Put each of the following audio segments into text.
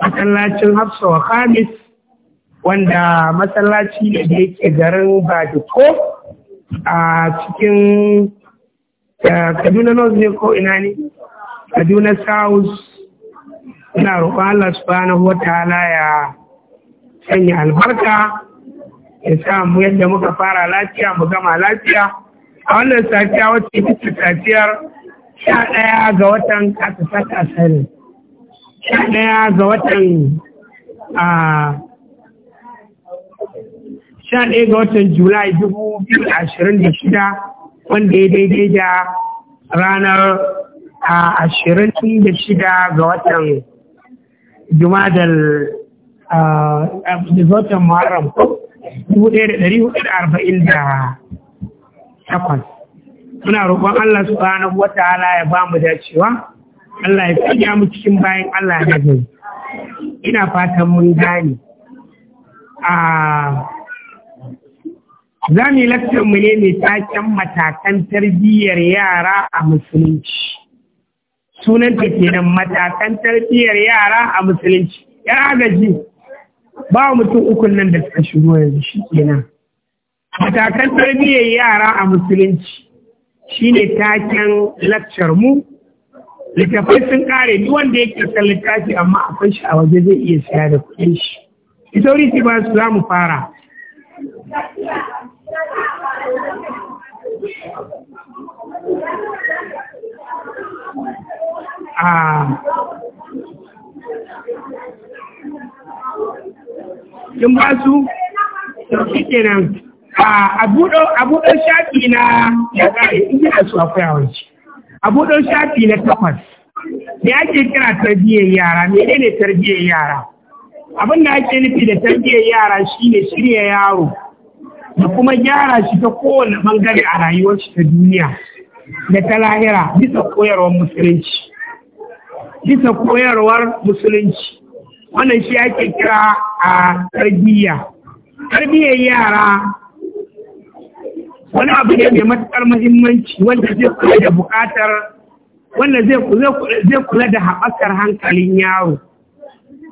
masallacin hafsa wa khamis wanda masallaci da yake garin badiko a cikin eh, kaduna north ne ko ina ne kaduna south ina roƙon allah subhanahu wa ta'ala ya sanya albarka ya sa mu yadda muka fara lafiya mu gama lafiya a wannan safiya wacce ita safiyar sha ɗaya ga watan ƙasa ta sani ɗaya ga watan a sha ɗaya ga watan julai dubu biyu ashirin da shida wanda ya daidai da ranar ashirin da shida ga watan jumadal a watan muharram dubu ɗaya da ɗari hudu da arba'in da takwas muna roƙon allah subhanahu wa ta'ala ya bamu mu cewa. Allah ya sanya mu cikin bayan Allah ya gari ina fatan mun gane a za mu yi mu ne mai taken matakan tarbiyyar yara a musulunci Sunan sunanta kenan matakan tarbiyyar yara a musulunci ya gaji ba mutum ukun nan da suka shigo yanzu shi nan. matakan tarbiyyar yara a musulunci shi ne taken lakcar mu littafai sun kare duk wanda yake kan littafi amma akwai shi a waje zai iya siya da kuɗin shi ita wuri ba su za mu fara ah. kin ba su ɗauki kenan ah, a buɗo shafi na ya ƙare in ji a su akwai yawanci a shafi na takwas me ake kira tarbiyyar yara ne tarbiyyar yara abin da ake nufi da tarbiyyar yara shine shirya yaro da kuma gyara shi ta kowane bangare a rayuwar shi ta duniya da ta lahira bisa koyarwar musulunci bisa koyarwar musulunci wannan shi ake kira a tarbiyya tarbiyyar yara wani abu ne mai matuƙar muhimmanci wanda zai kula da buƙatar wanda zai kula da haɓakar hankalin yaro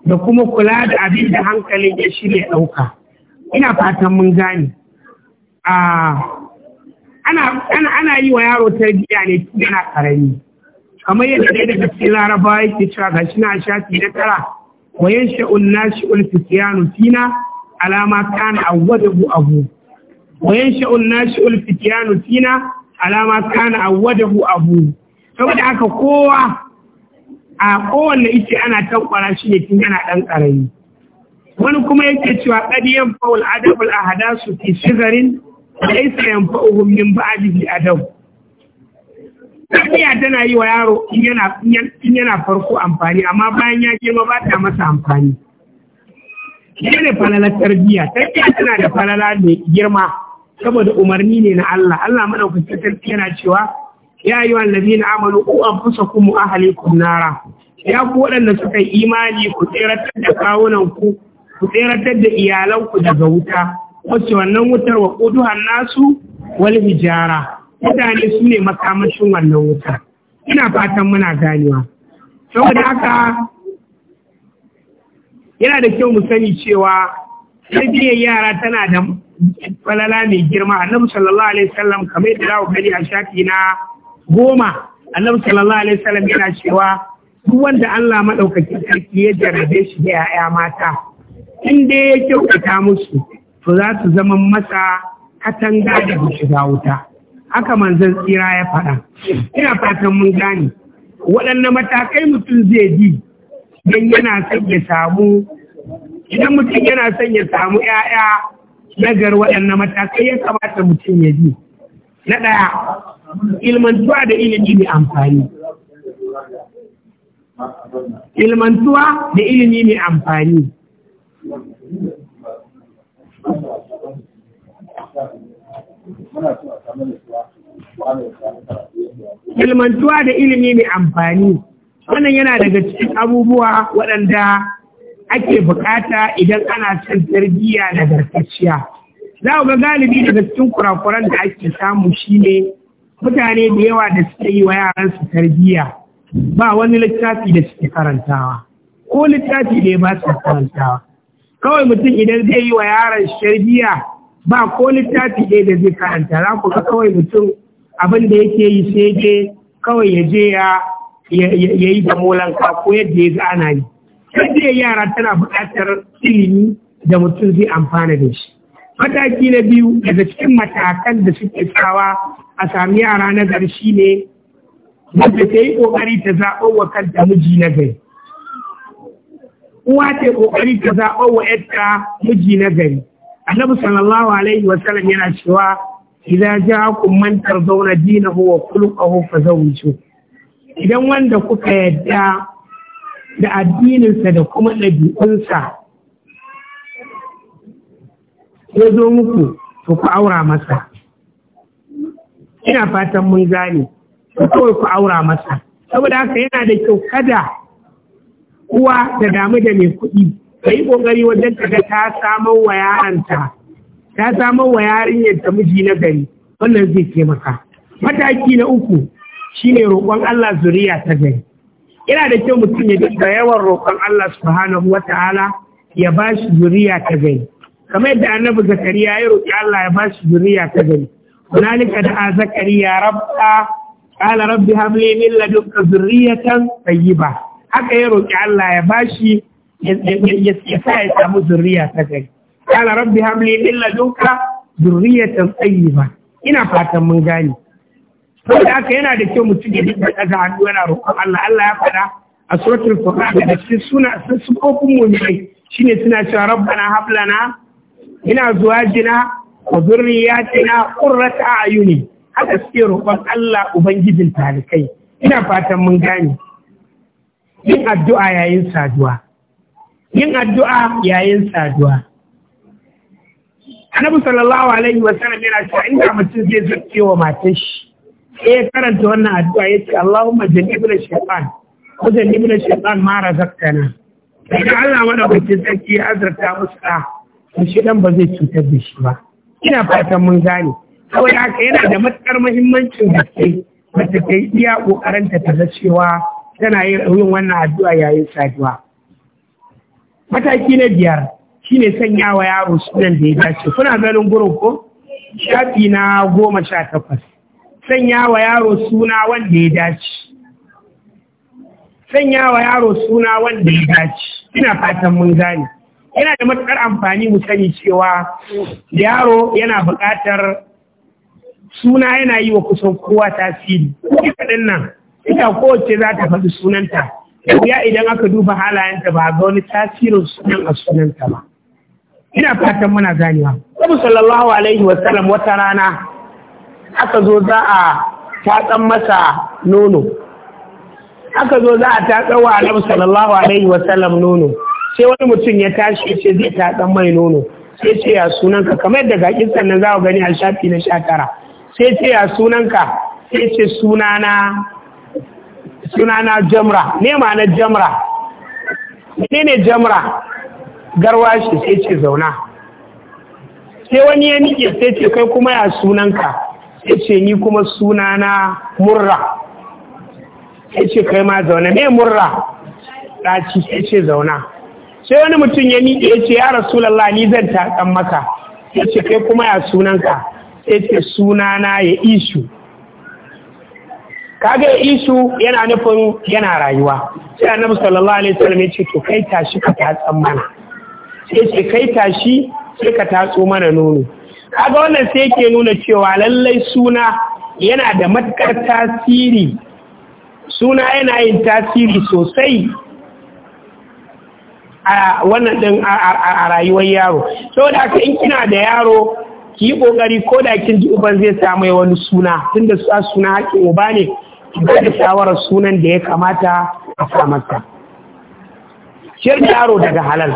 da kuma kula da abin da hankalin ya shirya ɗauka ina fatan mun gane ana yi wa yaro tarbiyya ne tun yana ƙarami kamar yadda ɗaya daga cikin larabawa yake cewa ga shi na shafi na tara wa yansha'un nashi'ul fityanu fina alama kana awwadahu abu وينشأ الناشئ الفتيان فينا على ما كان أوده أبوه saboda aka kowa a kowanne ice ana tankwara shi ne tun yana ɗan ƙarami wani kuma yake cewa ƙadiyan fa'ul adabul ahada su fi shigarin laisa yanfa'uhum min ba'dihi adab Tafiya tana yi wa yaro in yana farko amfani amma bayan ya girma ba ta masa amfani. Shi ne falalar tarbiyya, tarbiyya tana da falala mai girma saboda umarni ne na Allah Allah madaukakin sarki yana cewa ya yi na amanu ku anfusakum wa ku nara ya ku waɗanda suka yi imani ku tseratar da kawunan ku ku tseratar da iyalanku daga wuta wacce wannan wutar wa quduhan nasu wal hijara mutane su ne makamashin wannan wuta ina fatan muna ganewa saboda haka yana da kyau mu sani cewa tarbiyyar yara tana da falala mai girma annabi sallallahu alaihi wasallam kamar yadda za a shafi na goma annabi sallallahu alaihi wasallam yana cewa duk wanda Allah madaukaki sarki ya jarabe shi da 'ya'ya mata in dai ya kyautata musu to za su zama masa katanga da shiga wuta haka manzon tsira ya faɗa ina fatan mun gane waɗanne matakai mutum zai bi idan yana son samu idan mutum yana son ya samu 'ya'ya nagar waɗanne matakai ya kamata mutum ya bi na ɗaya ilmantuwa da ilimi mai amfani ilmantuwa da ilimi mai amfani ilmantuwa da ilimi mai amfani wannan yana daga cikin abubuwa waɗanda ake bukata idan ana son tarbiyya gargajiya. za ga galibi daga cikin kurakuran da ake samu shine mutane da yawa da suke yi wa yaransu tarbiyya ba wani littafi da suke karantawa ko littafi da ba su karantawa kawai mutum idan zai yi wa yaron tarbiyya ba ko littafi ɗaya da zai karanta za ku ga kawai mutum abin da yake yi sai dai kawai ya je ya yi da molanka ko yadda ya ga ana yi tarbiyyar yara tana buƙatar ilimi da mutum zai amfana da shi mataki na biyu daga cikin matakan da suke tsawa a sami yara na shi ne, wanda ta yi ƙoƙari ta zaɓo wa kanta miji na gari uwa ta ƙoƙari ta zaɓo wa ‘yarta miji na gari annabi sallallahu alaihi sallam yana cewa idan ja ku mantar zauna dinahu wa kulqahu fa zawiju idan wanda kuka yadda da addininsa da kuma ɗabi'unsa ya zo muku to ku aura masa ina fatan mun gane to kawai ku aura masa saboda haka yana da kyau kada uwa da damu da mai kuɗi ka yi ƙoƙari wajen ta ga ta samar wa yaranta ta samar wa yarinyar ta miji na gari wannan zai taimaka mataki na uku shine roƙon Allah zuriya ta gari yana da kyau mutum ya da yawan roƙon Allah subhanahu wa ta'ala ya ba shi zuriya ta gari kamar yadda annabi zakariya ya roƙi Allah ya ba shi zuriya ta gari hunalika da zakariya rabba qala rabbi hab li min ladunka zurriyatan tayyiba haka ya roƙi Allah ya ba shi ya sa ya samu zuriya ta gari qala rabbi hab li min ladunka zurriyatan tayyiba ina fatan mun gane wanda haka yana da kyau mutum ya dinga daga hannu yana roƙon Allah Allah ya faɗa a suratul furqan da cikin suna sun sufofin mu'minai shine suna cewa rabbana hab lana ina zuwa zuwajina wa zurriyatina qurrata a'yuni haka suke roƙon Allah ubangijin talikai ina fatan mun gane yin addu'a yayin saduwa yin addu'a yayin saduwa annabi sallallahu alaihi wa sallam yana cewa inda mutum zai zakke wa matar shi ya karanta wannan addu'a ya ce Allahumma jannibna shaytan ko jannibna shaytan ma razaqtana idan Allah madaukakin sarki ya azurta musu da shi dan ba zai cutar da shi ba ina fatan mun gane kawai haka yana da matukar muhimmancin gaske mace ta yi iya kokarinta ta ga cewa tana yin wannan addu'a yayin saduwa mataki na biyar shine sanya wa yaro sunan da ya dace kuna ganin gurin ko shafi na goma sha takwas sanya wa yaro suna wanda ya dace sanya wa yaro suna wanda ya dace ina fatan mun gane yana da matuƙar amfani mu sani cewa yaro yana buƙatar suna yana yi wa kusan kowa tasiri kaɗan nan ita kowace za ta faɗi sunanta ya idan aka duba halayenta ba ga wani tasirin sunan a sunanta ba ina fatan muna ganewa Sabu sallallahu alaihi wasallam wata rana aka zo za a tatsan masa nono aka zo za a tatsan wa annabi sallallahu alaihi sallam nono sai wani mutum ya tashi ya ce zai tatsan mai nono sai ce ya sunanka kamar yadda ga kisan nan za ku gani a shafi na sha tara sai ce ya sunanka sai ce sunana sunana jamra ne ma na jamra ne ne jamra garwashi sai ce zauna sai wani ya nike sai ce kai kuma ya sunanka ya ce ni kuma sunana murra ya ce kai ma zaune mai murra ɗaci ya ce zauna sai wani mutum ya miƙe ya ce ya rasulallah ni zan taƙan maka ya ce kai kuma ya sunanka ya ce sunana ya ishu kaga ya ishu yana nufin yana rayuwa sai annabi sallallahu alaihi wasallam ya ce to kai tashi ka tatsan mana sai ce kai tashi sai ka tatso mana nono kaga wannan sai yake nuna cewa lallai suna yana da matukar tasiri suna yana yin tasiri sosai a wannan din a rayuwar yaro saboda haka in kina da yaro ki yi kokari ko da kin ji uban zai samu wani suna tunda su suna haƙin uba ne ki ba da shawarar sunan da ya kamata a samarta. ciyar yaro daga halal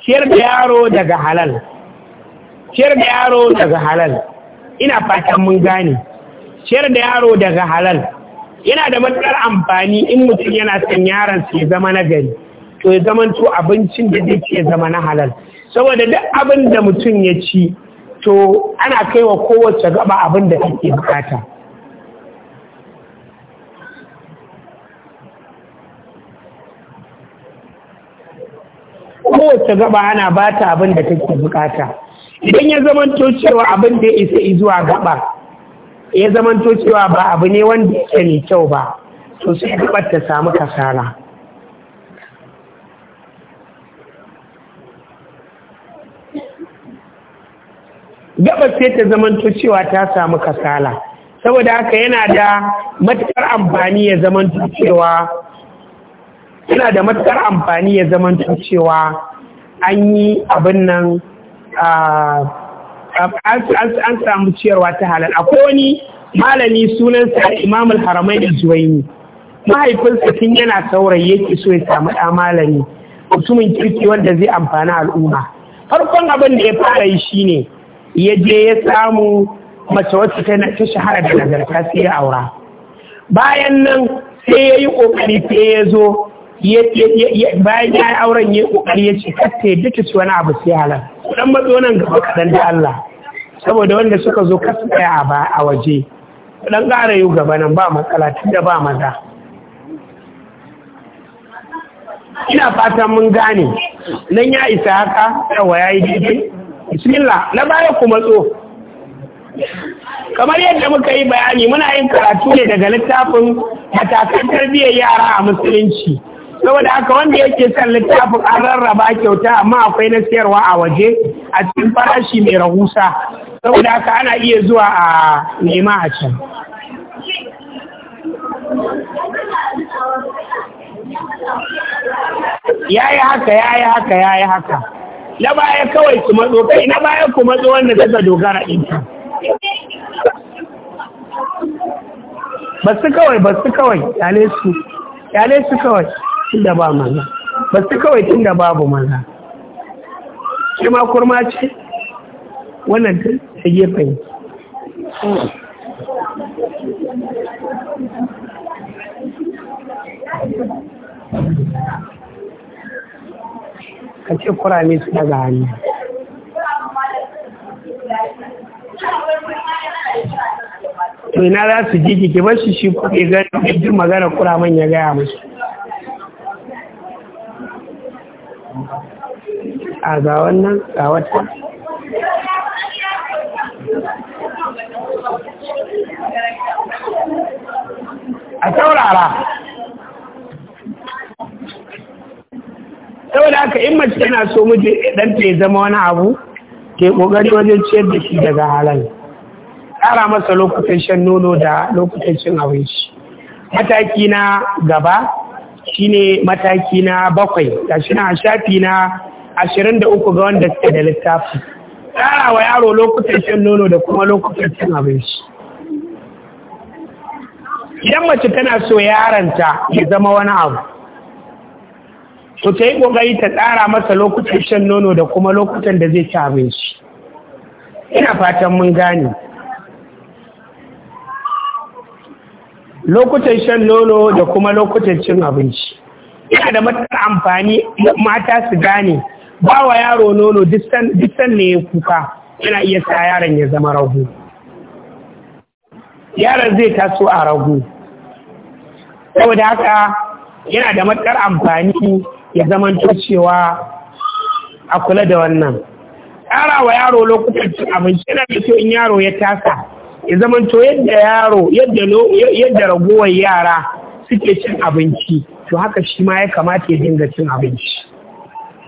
ciyar da yaro daga halal ciyar da yaro daga halal ina fatan mun gane ciyar da yaro daga halal yana da matsalar amfani in mutum yana son yaron su zama na gari to ya zama to abincin da zai ke zama na halal saboda duk abin da mutum ya ci to ana kai kowace gaba abin da bukata kowace gaba ana bata abin da take bukata idan ya zama cewa abin da ya isa zuwa gaba ya zamanto cewa ba abu ne wanda yake ne kyau ba to sai gabar ta samu kasara gabar sai ta zamanto cewa ta samu kasala saboda haka yana da matukar amfani ya zamanto cewa yana da matukar amfani ya zamanto cewa an yi abin nan an samu ciyarwa ta halal akwai wani malami sunansa imamul haramai da zuwaini mahaifinsa tun yana saurayi yake so ya samu ɗa malami mutumin kirki wanda zai amfani al'umma farkon abin da ya fara yi ne. ya je ya samu mace wacce ta shahara da nagarta sai ya aura bayan nan sai ya yi ƙoƙari sai ya zo bayan ya yi auren ya ƙoƙari ya ce kasta ya duka wani abu sai halar ku dan matso nan gaba kaɗan da Allah saboda wanda suka zo kasu tsaya a waje ku dan ƙara yi gaba nan ba matsala tun da ba maza ina fatan mun gane nan ya isa haka yawa ya yi daidai bismillah na baya ku matso kamar yadda muka yi bayani muna yin karatu ne daga littafin matakan tarbiyyar yara a musulunci saboda haka wanda yake son littafin an rarraba kyauta amma akwai na siyarwa a waje a cikin farashi mai rahusa saboda haka ana iya zuwa a nema a can ya yi haka ya yi haka ya yi haka na baya kawai ku matso kai na baya ku matso wanda suka dogara ɗinka ba su kawai ba su kawai yale su yale su kawai tunda ba maza ba su kawai tunda babu maza shi ma kurma ce wannan ta gefen ka ce kurame su daga hannu to ina za su ji ki bar shi shi kuɗi ganin magana kuraman ya gaya musu a ga wannan ga wata a saurara saboda haka in mace yana so muje ɗanta ya zama wani abu ke ƙoƙari wajen ciyar da shi daga halal ƙara masa lokutan shan nono da lokutan cin abinci mataki na gaba Shi ne mataki na bakwai shi na shafi na ashirin da uku ga wanda suke da littafi tsara wa yaro lokutan shan nono da kuma lokutan cin abinci idan mace tana so yaranta ya zama wani abu to ta yi ƙoƙari ta tsara masa lokutan shan nono da kuma lokutan da zai ci abinci ina fatan mun gane lokutan shan nono da kuma lokutan cin abinci yana da mata amfani mata su gane ba wa yaro nono distan ne ya kuka yana iya sa yaron ya zama ragu yaron zai taso a ragu saboda haka yana da matsar amfani ya zama cewa a kula da wannan tsara wa yaro lokutan cin abinci yana da kyau in yaro ya tasa ya zamanto yadda yaro yadda ragowar yara suke cin abinci to haka shi ma ya kamata ya dinga cin abinci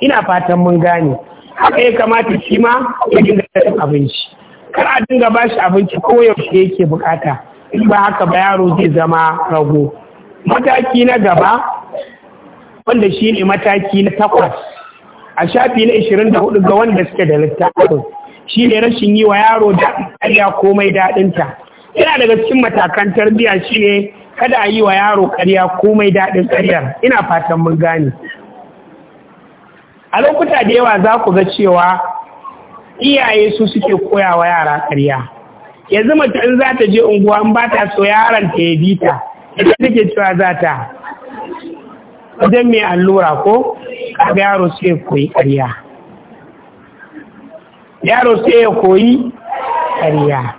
ina fatan mun gane haka ya kamata shi ma ya dinga cin abinci kar a dinga ba shi abinci koyaushe yake bukata in ba haka ba yaro zai zama rago mataki na gaba wanda shi ne mataki na takwas a shafi na 24 ga wanda suke da littafin shi ne rashin yi wa yaro da ƙarya komai daɗinta yana daga cikin matakan tarbiyya shi ne kada a yi wa yaro ƙarya komai daɗin ƙaryar ina fatan mun gane a lokuta da yawa za ku ga cewa iyaye su suke koya wa yara ƙarya yanzu mace in za ta je unguwa in ba ta so yaron ta ya bita ita take cewa za ta wajen mai allura ko kaga yaro suke koyi ƙarya yaro sai ya koyi ƙarya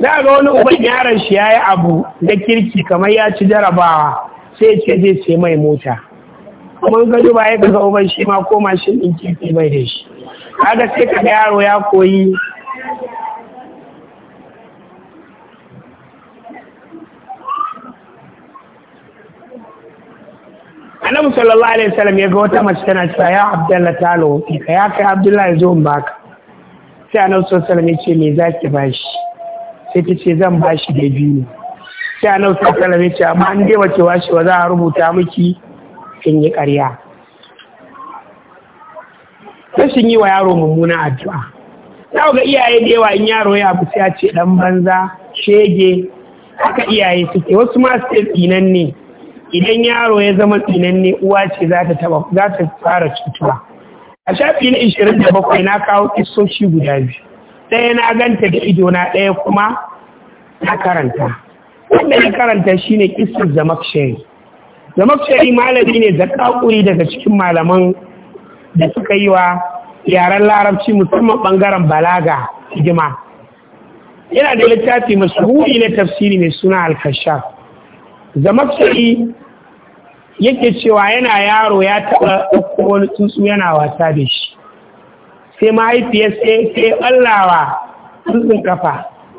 za ga wani uban yaron shi ya yi abu da kirki kamar ya ci jarabawa sai ce zai ce mai mota kuma ga ba ya ga uban shi ma ko mashin ɗin kirki bai da shi kaga sai ka yaro ya koyi annabi sallallahu alaihi wasallam ya ga wata mace tana cewa ya abdullahi ta lokaci ka ya kai abdullahi zo in baka sai annabi sallallahu alaihi wasallam ya ce me zaki bashi sai ta ce zan bashi da biyu sai annabi sallallahu alaihi wasallam ya ce amma an dai wace washe wa za a rubuta miki kin yi ƙarya rashin yi wa yaro mummuna addu'a na ga iyaye da yawa in yaro ya abu sai ya ce dan banza shege haka iyaye suke wasu ma su tsinan ne idan yaro ya zama tsinanne uwa ce za ta fara cutuwa a shafi na 27 na kawo kisoshi guda biyu ɗaya na ganta da na ɗaya kuma na karanta wanda na karanta shine kisar Zamak shari malami ne da kaƙuri daga cikin malaman da suka yi wa yaren larabci musamman ɓangaren balaga hidima yana da littafi mashahuri na tafsiri mai suna alkashaf zamakshari yake cewa yana yaro ya taɓa ɗauko wani tsuntsu yana wasa da shi sai mahaifiyarsa sai ɓallawa tsuntsun kafa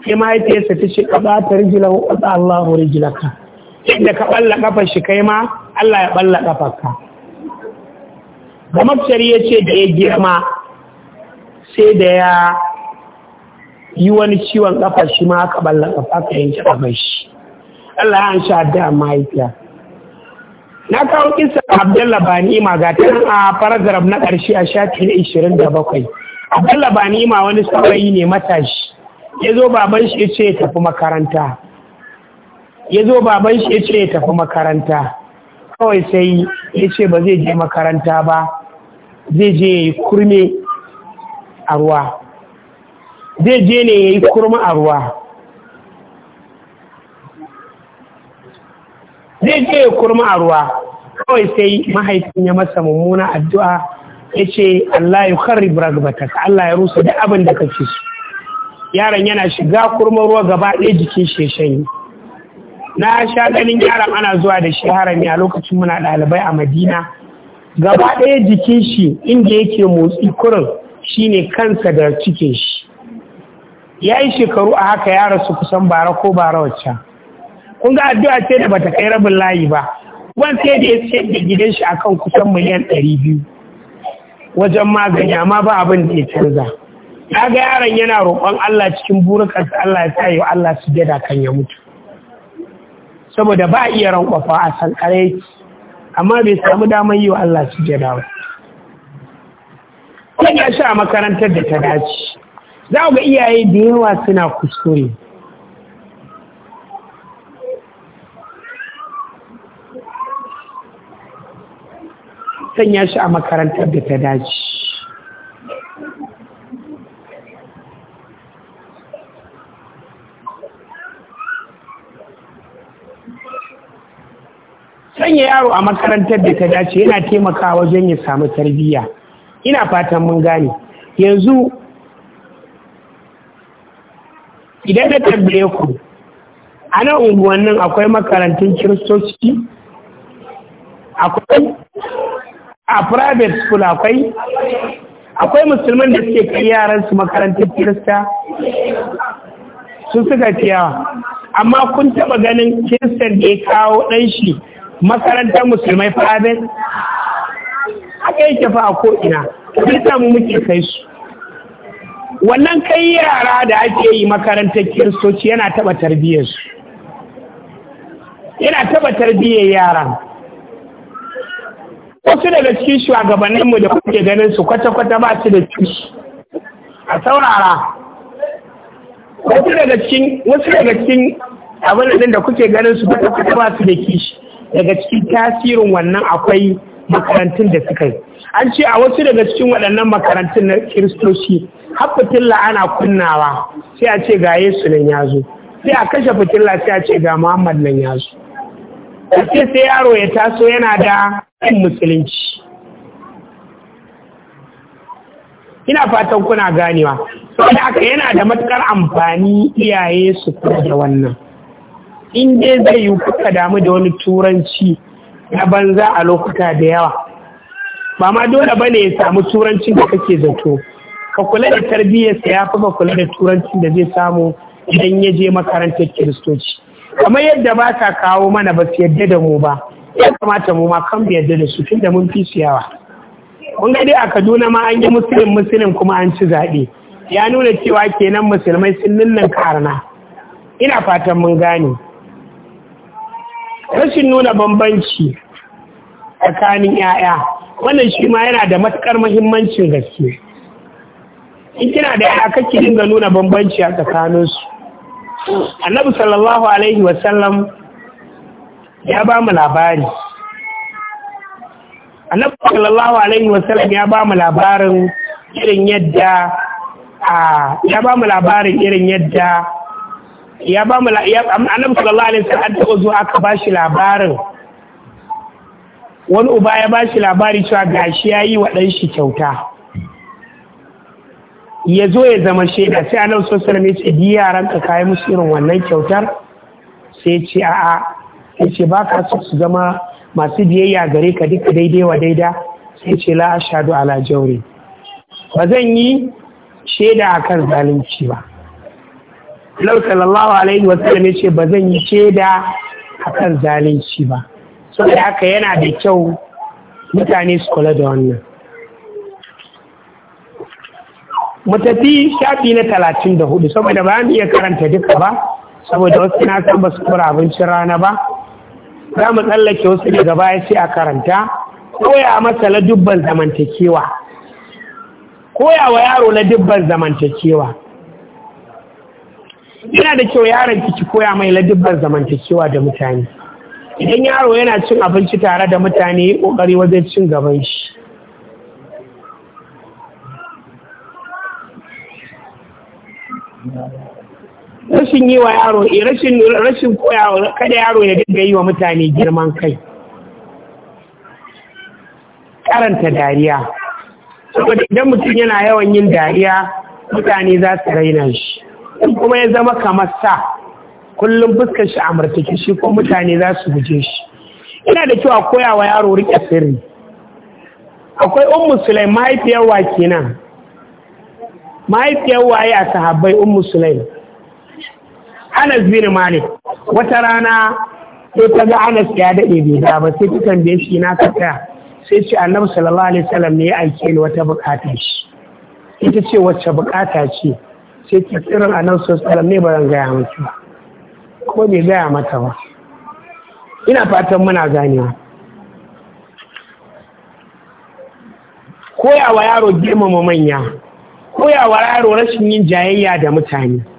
sai mahaifiyarsa ta ce ka ta rijila ko ƙasa Allahu ka yadda ka ɓalla ƙafa shi kai ma Allah ya ɓalla ƙafar ka Gamafshari ya ce da ya girma sai da ya yi wani ciwon ƙafa shi ma ka ɓalla ƙafa ka yanke ƙafar shi Allah ya sha da mahaifiya na kawo kisa Abdullah Banima ga ta a paragraf na ƙarshe a shafi na bakwai. Abdullah Banima wani saurayi ne matashi ya zo baban shi ya ce ya tafi makaranta ya zo baban shi ya ce ya tafi makaranta kawai sai ya ce ba zai je makaranta ba zai je ya yi kurme a ruwa zai je ne ya yi kurma a ruwa zai je ya kurma a ruwa kawai sai mahaifin ya masa mummuna addu'a ya ce Allah ya karri ragbatak Allah ya rusa da abin da kake so yaron yana shiga kurma ruwa gaba ɗaya jikin shi ya shanye na sha ganin yaron ana zuwa da shi harami a lokacin muna ɗalibai a madina gaba ɗaya jikin shi inda yake motsi kurin shine kansa da cikin shi ya yi shekaru a haka ya rasu kusan bara ko bara waccan kun ga addu'a ce da bata kai rabin layi ba wan sai da ya ce da gidan shi akan kusan miliyan ɗari biyu wajen magani amma ba abin da ya canza ga yaron yana roƙon Allah cikin sa Allah ya tayi Allah su gida kan ya mutu saboda ba iya rankwafa a sankare amma bai samu damar yi wa Allah su jada ba kun ya sha makarantar da ta dace za ga iyaye da yawa suna kuskure sanya shi a makarantar da ta dace sanya yaro a makarantar da ta dace yana taimakawa wajen ya samu tarbiyya ina fatan mun gane yanzu idan na tambaye ku a nan unguwannin akwai makarantun kiristoci akwai a private school akwai akwai musulman da suke kai yaran su makarantar kirista Sun suka ciyawa amma kun taba ganin kiristan da ya kawo ɗanshi shi makarantar musulmai private Aka yi fa a ko'ina kirista mu muke kai su wannan kai yara da ake yi makarantar kiristoci yana taba tarbiyyarsu yana taba tarbiyyar yaran wasu daga cikin shugabanninmu da kuke ganin su kwata-kwata ba su da kishi a saurara wasu daga cikin abin da kuke ganin su kwata-kwata ba su da kishi daga cikin tasirin wannan akwai makarantun da suka yi an ce a wasu daga cikin waɗannan makarantun na kiristoci har fitilla ana kunnawa sai a ce ga yesu nan ya zo sai a kashe fitilla sai a ce ga muhammad nan ya zo sai yaro ya taso yana da ɗan musulunci ina fatan kuna ganewa saboda aka yana da matukar amfani iyaye su kula da wannan in dai zai yi kuka damu da wani turanci na banza a lokuta da yawa ba ma dole ba ne ya samu turancin da kake zato ka kula da tarbiyyarsa ya fi ka kula da turancin da zai samu idan ya je makarantar kiristoci kamar yadda ba ka kawo mana ba su yadda da mu ba ya kamata mu ma kan biyar da su tun da mun fi siyawa mun ga dai a kaduna ma an yi musulun musulun kuma an ci zaɓe ya nuna cewa kenan musulmai sun ninnan karna ina fatan mun gane rashin nuna bambanci tsakanin 'ya'ya wannan shi ma yana da matukar muhimmancin gaske in kina da ya kake dinga nuna bambanci a tsakaninsu annabi sallallahu alaihi wasallam ya ba mu labari annabi sallallahu alaihi wasallam ya ba mu labarin irin yadda a ya ba mu labarin irin yadda ya ba mu annabi sallallahu alaihi wasallam da zuwa aka ba shi labarin wani uba ya ba shi labari cewa gashi yayi wa dan shi kyauta ya zo ya zama shaida sai annabi sallallahu alaihi wasallam ya ce yaran ka kai musu irin wannan kyautar sai ya ce a'a sai ce ba ka so su zama masu biyayya gare ka duka daidai wa daida sai ce la ashadu ala jauri ba zan yi shaida a kan zalunci ba Lau sallallahu alaihi wasallam ya ce ba zan yi shaida a kan zalunci ba saboda haka yana da kyau mutane su kula da wannan mu tafi shafi na talatin da hudu saboda ba mu iya karanta duka ba saboda wasu na san ba su kura abincin rana ba za mu tsallake wasu daga baya sai a karanta koya masa la dubban zamantakewa koya wa yaro la dubban zamantakewa yana da kyau yaron ki koya mai la dubban zamantakewa da mutane idan yaro yana cin abinci tare da mutane ya kokari wajen cin gaban shi Thank rashin yi wa yaro eh, rashin rashin koya kada yaro ya dinga yi wa mutane girman kai karanta dariya saboda idan mutum yana yawan yin dariya mutane za su raina shi in kuma ya zama kamar sa kullum fuska shi a martaki shi ko mutane za su guje shi ina da kyau a koya wa yaro rike sirri akwai un musulai mahaifiyar wa kenan mahaifiyar waye a sahabbai ummu musulai Anas bin Malik wata rana sai ta ga Anas ya daɗe bai da ba sai ta tambaye shi na ta tsaya sai ce Annabi sallallahu alaihi wasallam ne ya aike ni wata bukata shi ita ce wacce bukata ce sai ta tsirin Annabi sallallahu alaihi wasallam ne ba zan gaya miki ba ko bai gaya mata ba ina fatan muna ganewa koyawa yaro girmama manya koyawa yaro rashin yin jayayya da mutane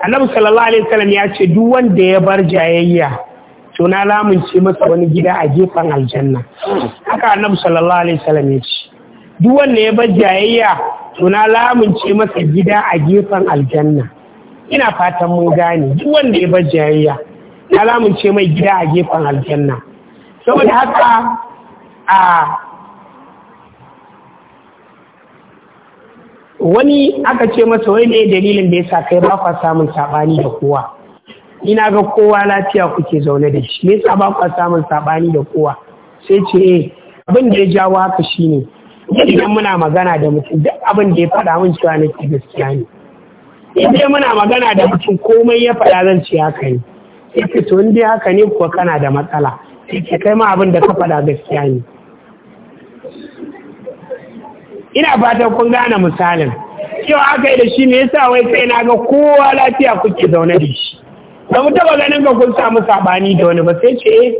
annabi sallallahu alaihi wasallam ya ce duk wanda ya bar jayayya to na lamunce masa wani gida a gefen aljanna haka annabi sallallahu alaihi wasallam ya ce duk wanda ya bar jayayya to na lamunce masa gida a gefen aljanna ina fatan mun gane duk wanda ya bar jayayya na lamunce mai gida a gefen aljanna saboda haka a wani aka ce masa wai ne dalilin da ya sa kai ba kwa samun sabani da kowa ina ga kowa lafiya kuke zaune da shi me yasa ba kwa samun sabani da kowa sai ce eh abin da ya jawo haka shine idan muna magana da mutum duk abin da ya faɗa min cewa ke gaskiya ne idan muna magana da mutum komai ya faɗa zan ce haka ne sai ce to in dai haka ne kuwa kana da matsala sai kai ma abin da ka faɗa gaskiya ne ina fatan kun gane misalin cewa aka yi da shi me yasa wai sai na ga kowa lafiya kuke zaune da shi ba mu taba ganin ka kun samu sabani da wani ba sai ce eh,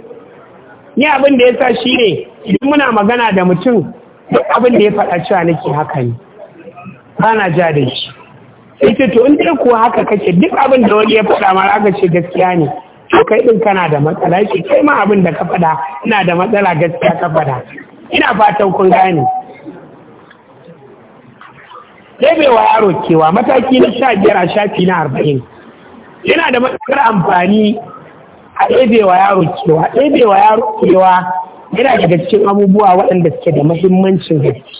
ni abin da yasa shi ne idan muna magana da mutum duk abin da ya faɗa cewa nake haka ne ba na ja da shi sai ce to in dai kuwa haka kake duk abin da wani ya faɗa mara aka ce gaskiya ne to kai din kana da matsala ce kai ma abin da ka faɗa ina da matsala gaskiya ka faɗa ina fatan kun gane ɗebewa yaro kewa mataki na sha biyar a shafi na arba'in yana da matakar amfani a ɗebewa yaro kewa ɗebewa yaro kewa yana daga cikin abubuwa waɗanda suke da mahimmancin gaske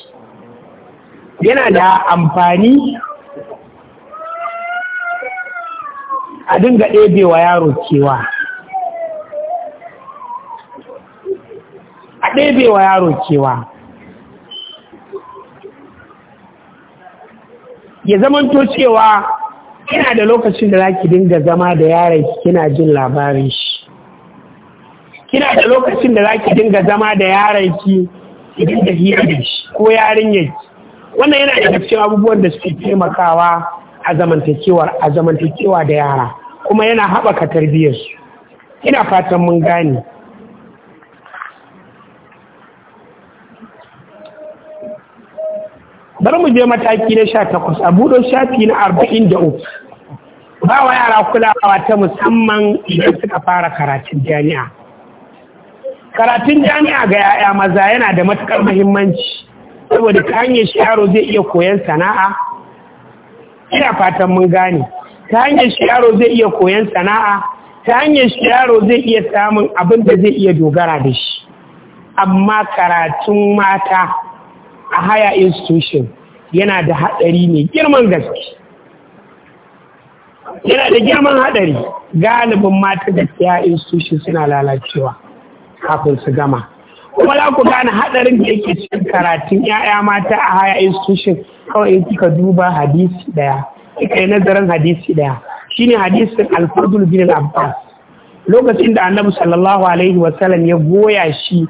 yana da amfani a dinga ɗebewa yaro kewa a ɗebewa yaro kewa ya zamanto cewa kina da lokacin da za ki dinga zama da yaron ki kina jin labarin shi kina da lokacin da za ki dinga zama da yaron ki ki dinga hira da shi ko yarinyar ki wannan yana daga cikin abubuwan da suke taimakawa a zamantakewar a zamantakewa da yara kuma yana haɓaka tarbiyyar su. ina fatan mun gane bari mu je mataki na sha takwas a buɗe shafi na arba'in da uku ba wa yara kulawa ta musamman idan suka fara karatun jami'a karatun jami'a ga yaya maza yana da matuƙar muhimmanci saboda ta hanyar shi zai iya koyon sana'a ina fatan mun gane ta hanyar shi zai iya koyon sana'a ta hanyar shi yaro zai iya samun abin da zai iya dogara da shi amma karatun mata a higher institution yana da haɗari mai girman gaske yana da girman haɗari galibin mata da higher institution suna lalacewa kafin su gama kuma za ku gane haɗarin da yake cikin karatun 'ya'ya mata a higher institution kawai in kika duba hadisi daya kika yi nazarin hadisi daya shine hadisin alfadul bin abbas lokacin da annabi sallallahu alaihi wasallam ya goya shi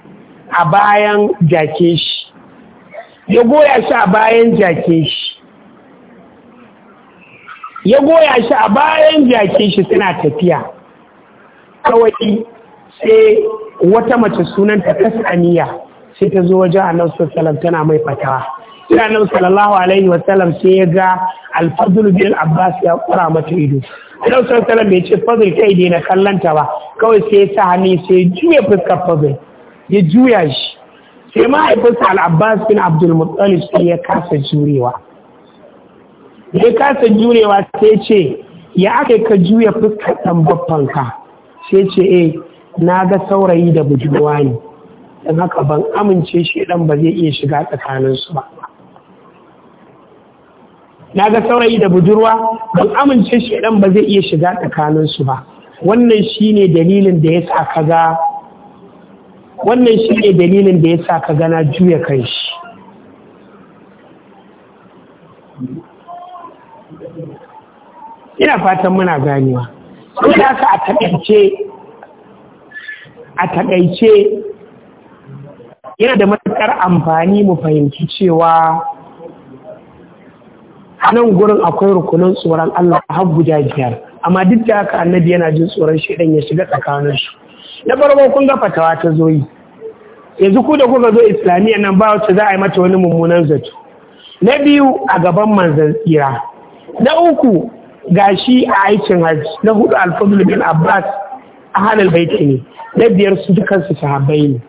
a bayan jake shi ya goya shi a bayan jakin shi ya goya shi a bayan jakin shi suna tafiya kawai sai wata mace sunanta kasaniya sai ta zo wajen annabi sallallahu tana mai fatawa sai annabi sallallahu alaihi wasallam sai ya ga alfadul bin abbas ya kura mata ido annabi sallallahu alaihi bai ce fadl kai dai na kallanta ba kawai sai ya sa hannu sai ya juya fuskar fadl ya juya shi sai ma'aikinsa al'abbas bin abdulmuttalib sai ya kasa jurewa ya kasa jurewa sai ce ya aka ka juya fuskar ɗan babbanka sai ce eh na ga saurayi da budurwa ne don haka ban amince shi ɗan ba zai iya shiga tsakaninsu ba na ga saurayi da budurwa ban amince shi ɗan ba zai iya shiga tsakaninsu ba wannan shine dalilin da ya sa ka ga wannan shi ne dalilin da ya sa ka gana juya kan shi ina fatan muna ganewa sai da aka a taƙaice yana da matuƙar amfani mu fahimci cewa a nan gurin akwai rukunin tsoron Allah har guda biyar amma duk da haka annabi yana jin tsoron shaidan ya shiga su. na farko kun ga fatawa ta zo yi yanzu ku da kuka zo islamiyya nan ba wacce za a yi mata wani mummunan zato na biyu a gaban manzan tsira na uku gashi a aikin hajji na hudu alfadul bin abbas a halal baiti ne na biyar su dukansu sahabbai ne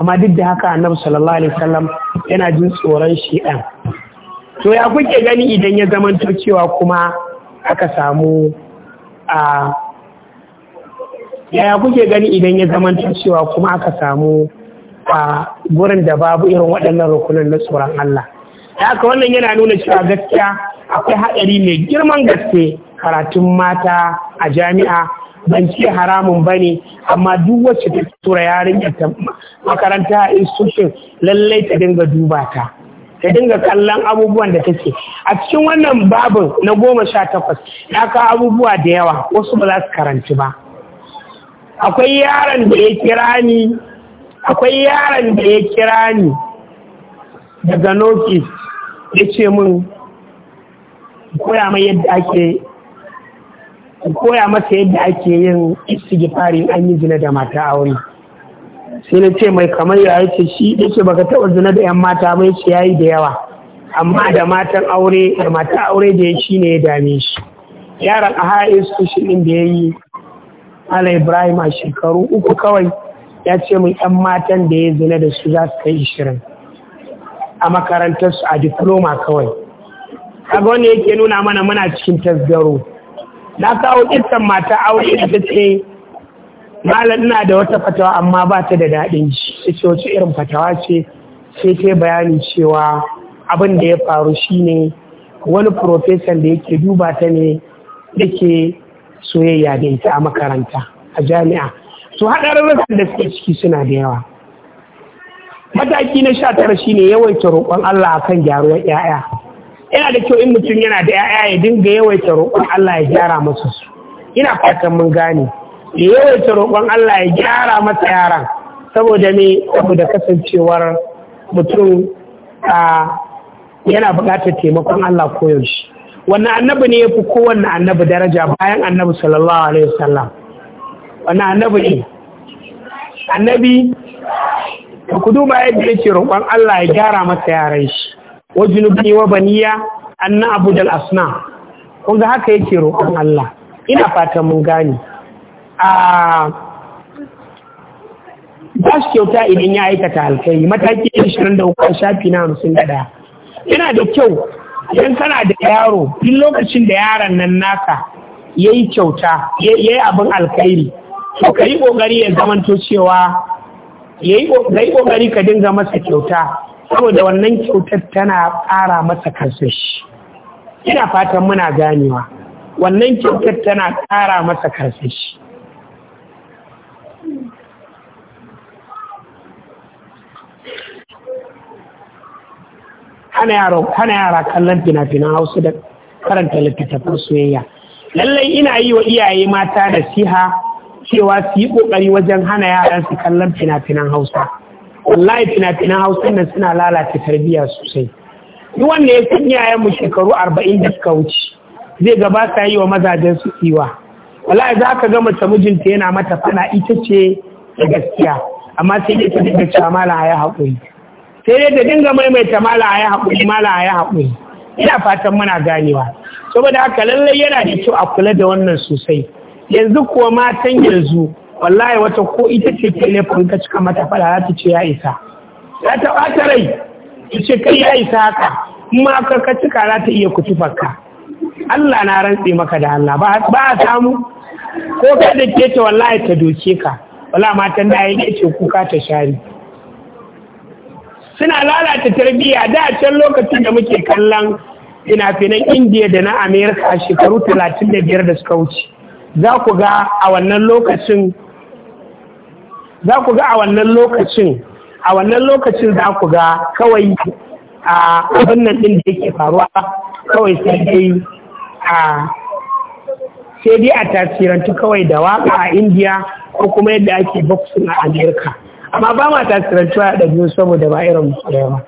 amma duk da haka annabi sallallahu alaihi wasallam yana jin tsoron ɗan. to ya kuke gani idan ya zamanto cewa kuma aka samu a yaya kuke gani idan ya zamanta cewa kuma aka samu a gurin da babu irin waɗannan rukunan na tsoron Allah da ka wannan yana nuna cewa gaskiya akwai haɗari mai girman gaske karatun mata a jami'a ban ce haramun ba ne amma duk wacce ta tura yarinyar ta makaranta a institution lallai ta dinga duba ta ta dinga kallon abubuwan da take a cikin wannan babin na goma sha takwas ya kawo abubuwa da yawa wasu ba za su karanci ba akwai yaron da ya kira ni akwai yaron da ya kira ni daga noki ya ce min koya koya masa yadda ake yin farin an yi zina da mata aure sai na ce mai kamar ya ce shi ya ce baka taɓa zina da 'yan mata ba ya ce ya yi da yawa amma da matan aure da mata aure da ya shi ne ya dame shi yaron a su shi ɗin da ya yi ala ibrahim a shekaru uku kawai ya ce mun yan matan da ya zina da su za su kai ishirin a makarantarsu a diploma kawai kaga wanda yake nuna mana muna cikin tasgaro na kawo kitsan mata aure da ce malam ina da wata fatawa amma ba ta da daɗin ji ce wace irin fatawa ce sai ta bayani cewa abin da ya faru shine wani profesan da yake duba ta ne yake soyayya da ita a makaranta a jami'a su haɗarurrukan da suke ciki suna da yawa mataki na sha tara shi ne yawaita roƙon Allah akan gyaruwar 'ya'ya yana da kyau in mutum yana da 'ya'ya ya dinga yawaita roƙon Allah ya gyara masa su ina fatan mun gane da yawaita roƙon Allah ya gyara masa yaran saboda ne saboda kasancewar mutum yana buƙatar taimakon Allah koyaushe wani annabi ne ya fi kowanne annabi daraja bayan annabi sallallahu alaihi wasallam wani annabi ne annabi ku duba yadda yake roƙon Allah ya gyara masa yaran shi wajinubni wa baniya anna abudal asna kun ga haka yake roƙon Allah ina fata mun gane a ba shi kyauta idan ya aikata alkai mataki 23 shafi na 51 yana da kyau idan kana da yaro tun lokacin da yaron nan naka ya yi kyauta ya yi abin alkhairi to ka yi ƙoƙari ya zamanto cewa ya yi ƙoƙari ka dinga masa kyauta saboda wannan kyautar tana ƙara masa kansa shi ina fatan muna ganewa wannan kyautar tana ƙara masa kansa shi hana yara kallon fina-finan hausa da karanta littattafan soyayya lallai ina yi wa iyaye mata da siha cewa su yi ƙoƙari wajen hana yaran su kallon fina-finan hausa wallahi fina-finan hausa nan suna lalata tarbiyya sosai duk wanda ya san mu shekaru arba'in da suka wuce zai gaba sa yi wa mazajen su tsiwa wallahi za ka ga mace mijinta yana mata fana ita ce da gaskiya amma sai ita da cewa mala ya haƙuri sai dai da dinga maimaita mala ya haƙuri mala ya haƙuri ina fatan muna ganewa saboda haka lallai yana da kyau a kula da wannan sosai yanzu kuwa matan yanzu wallahi wata ko ita ce ke laifin ka cika mata fara za ta ce ya isa za ta ɓata rai ta ce kai ya isa haka ma ka ka cika za ta iya kutufarka Allah na rantse maka da Allah ba a samu ko ka da ke ta wallahi ta doke ka wallahi matan da ya ce kuka ta share suna lalata tarbiyya da can lokacin da muke kallon fina-finan indiya da na amerika a shekaru 35 da suka wuce za ku ga a wannan lokacin za ku ga a wannan lokacin a wannan lokacin za ku ga kawai a abin nan ɗin da yake faruwa kawai sai a sai dai a tasirantu kawai da waka a indiya ko kuma yadda ake boxing a amerika amma ba ma tasirantuwa da biyu saboda ba irin da yawa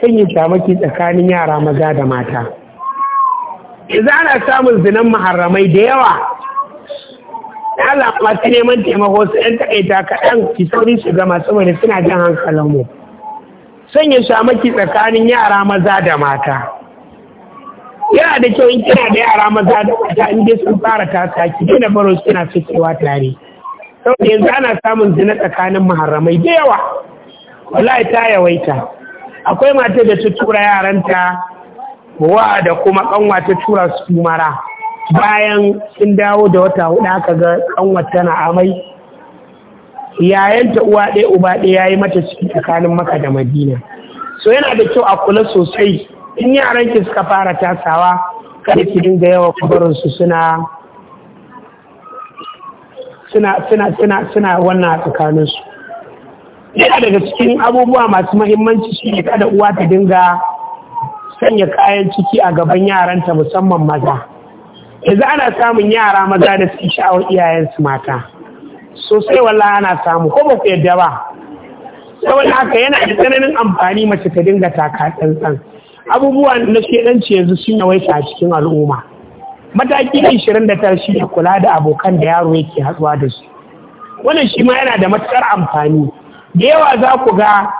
sanya shamaki tsakanin yara maza da mata. Iza ana samun zinan maharamai da yawa Allah masu neman taimako su ɗan taƙaita kaɗan ki sauri su gama saboda suna jan hankalin mu. Sanya shamaki tsakanin yara maza da mata. Yana da kyau in kina da yara maza da mata in dai sun fara tasa ki da baro suna fikewa tare. Saboda yanzu ana samun zina tsakanin maharamai da yawa. Wallahi ta yawaita. Akwai mata da ta tura yaranta wa da kuma kanwa ta tura su mara. bayan sun dawo da wata hudu aka ga kanwata na amai yayanta uwa ɗaya uba ɗaya yayi mata ciki tsakanin maka da madina so yana da kyau a kula sosai in yaran ki suka fara tasawa kada ki dinga yawa su suna suna suna suna suna wannan a tsakaninsu yana daga cikin abubuwa masu mahimmanci shi ne kada uwa ta dinga sanya kayan ciki a gaban yaranta musamman maza yanzu ana samun yara maza da su sha'awar iyayensu mata sosai walla ana samu ko ba ku yadda ba saboda haka yana da tsananin amfani mace ta dinga taka tsantsan abubuwan na shedanci yanzu sun yawaita a cikin al'umma mataki 29 shi da kula da abokan da yaro yake hatsuwa da su wannan shi ma yana da matuƙar amfani da yawa za ku ga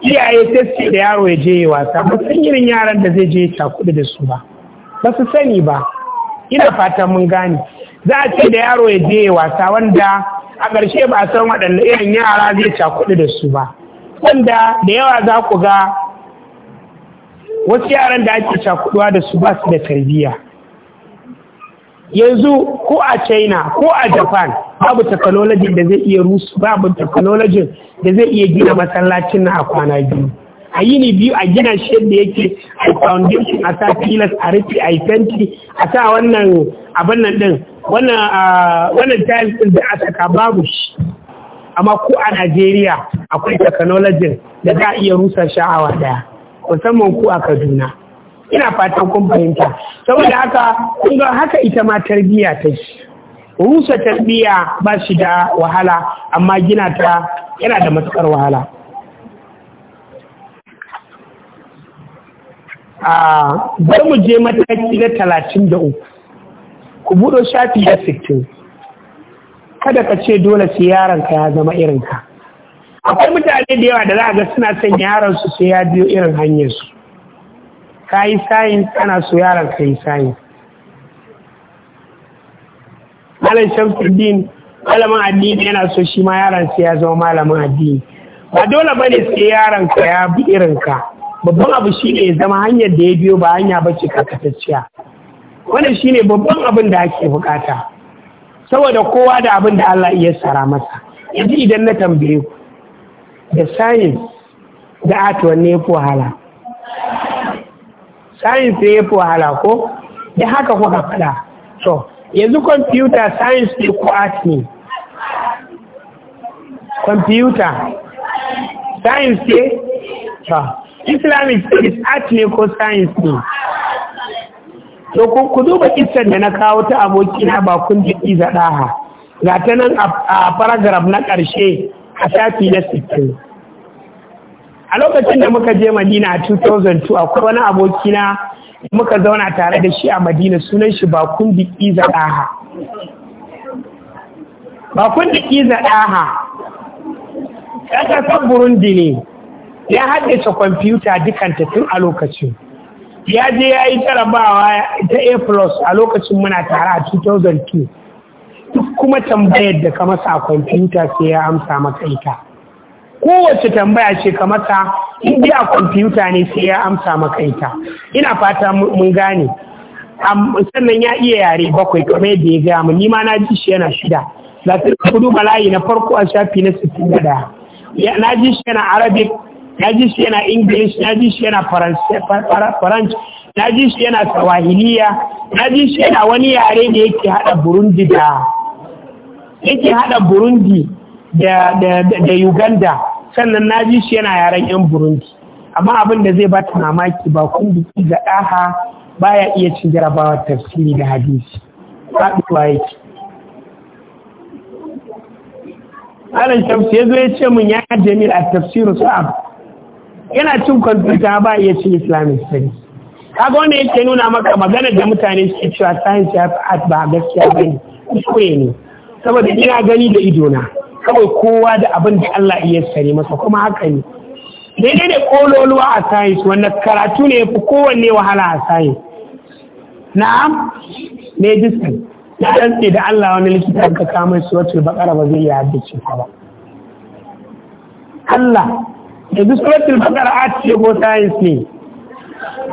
iyaye sai da yaro ya je ya wasa ba san irin yaran da zai je ya da su ba ba su sani ba ina fata mun gane za a ce da yaro ya je wasa wanda a ƙarshe ba san waɗanda irin yara zai cakuɗu da su ba wanda da yawa za ku ga wasu yaran da ake cakuɗuwa da su ba su da tarbiyya yanzu ko a china ko a japan babu technology da zai iya rusu babu technology da zai iya gina masallacin na a kwana biyu a yi ne biyu a gina shi yadda yake a foundation a sa tilas a rufe a fenti a sa wannan abin nan din wannan tiles din da a saka babu shi amma ko a Najeriya akwai technology da za a iya rusa sha'awa daya musamman ko a Kaduna ina fatan kun fahimta saboda haka kun haka ita ma tarbiyya ta shi rusa tarbiyya ba shi da wahala amma gina ta yana da matukar wahala a bar mu je mataki na talatin da uku ku buɗo shafi na sittin kada ka ce dole sai ka ya zama irin ka. akwai mutane da yawa da za a ga suna son su sai ya biyo irin hanyar su. ka yi sayin ana so yaron ka yi sayin malam shamsuddin malamin addini yana so shi ma yaron sai ya zama malamin addini ba dole bane sai yaron ka ya bi irin ka babban abu shi ya zama hanyar da ya biyo ba hanya ba ce karkatacciya wannan ne babban abin da ake bukata saboda kowa da abin da Allah iya sara masa yanzu idan na tambaye ku da science da art wanne ya fi wahala science ne ya fi wahala ko da haka kuka faɗa so yanzu computer science ne ko art ne computer science ne? islamic is art ne ko science ne to ku duba kissan da na kawo ta abokina ba kun jiki ha ga ta nan a paragraf na ƙarshe a shafi na 60 a lokacin da muka je madina a 2002 akwai wani abokina muka zauna tare da shi a madina sunan shi ba kun jiki zaɗaha ba kun jiki ha ƙasar burundi ne ya haddace kwamfuta dukanta tun a lokacin ya je ya yi jarabawa ta a plus a lokacin muna tare a 2002 duk kuma tambayar da ka masa kwamfuta sai ya amsa maka ita kowace tambaya ce ka masa in a kwamfuta ne sai ya amsa maka ita ina fata mun gane sannan ya iya yare bakwai kamar yadda ya gaya mu nima ma na ji shi yana shida latin kudu malayi na farko a shafi na 61 na ji shi yana arabic na ji shi yana english na ji shi yana faranci na ji shi yana Sawahiliya, na ji shi yana wani yare da yake hada burundi da yake hada burundi da uganda sannan na ji shi yana yaren yan burundi amma abin da zai bata mamaki ba kun biki ga ɗaha baya iya cin jarabawa tafsiri da hadisi faɗuwa yake Alan Shamsu ya zo ya ce min ya jamil a tafsirin sa'ab yana cin kwamfuta ba iya cin islamic studies kaga wanda yake nuna maka magana da mutane suke cewa science ya fi art ba gaskiya ba ne kuskure ne saboda ina gani da idona kawai kowa da abin da Allah iya sare masa kuma haka ne daidai da kololuwa a science wanda karatu ne fi kowanne wahala a science na'am medicine na rantse da Allah wani likita ka kama shi bakara ba zai iya haddace ba Allah yanzu suratul bakara art ce ko science ne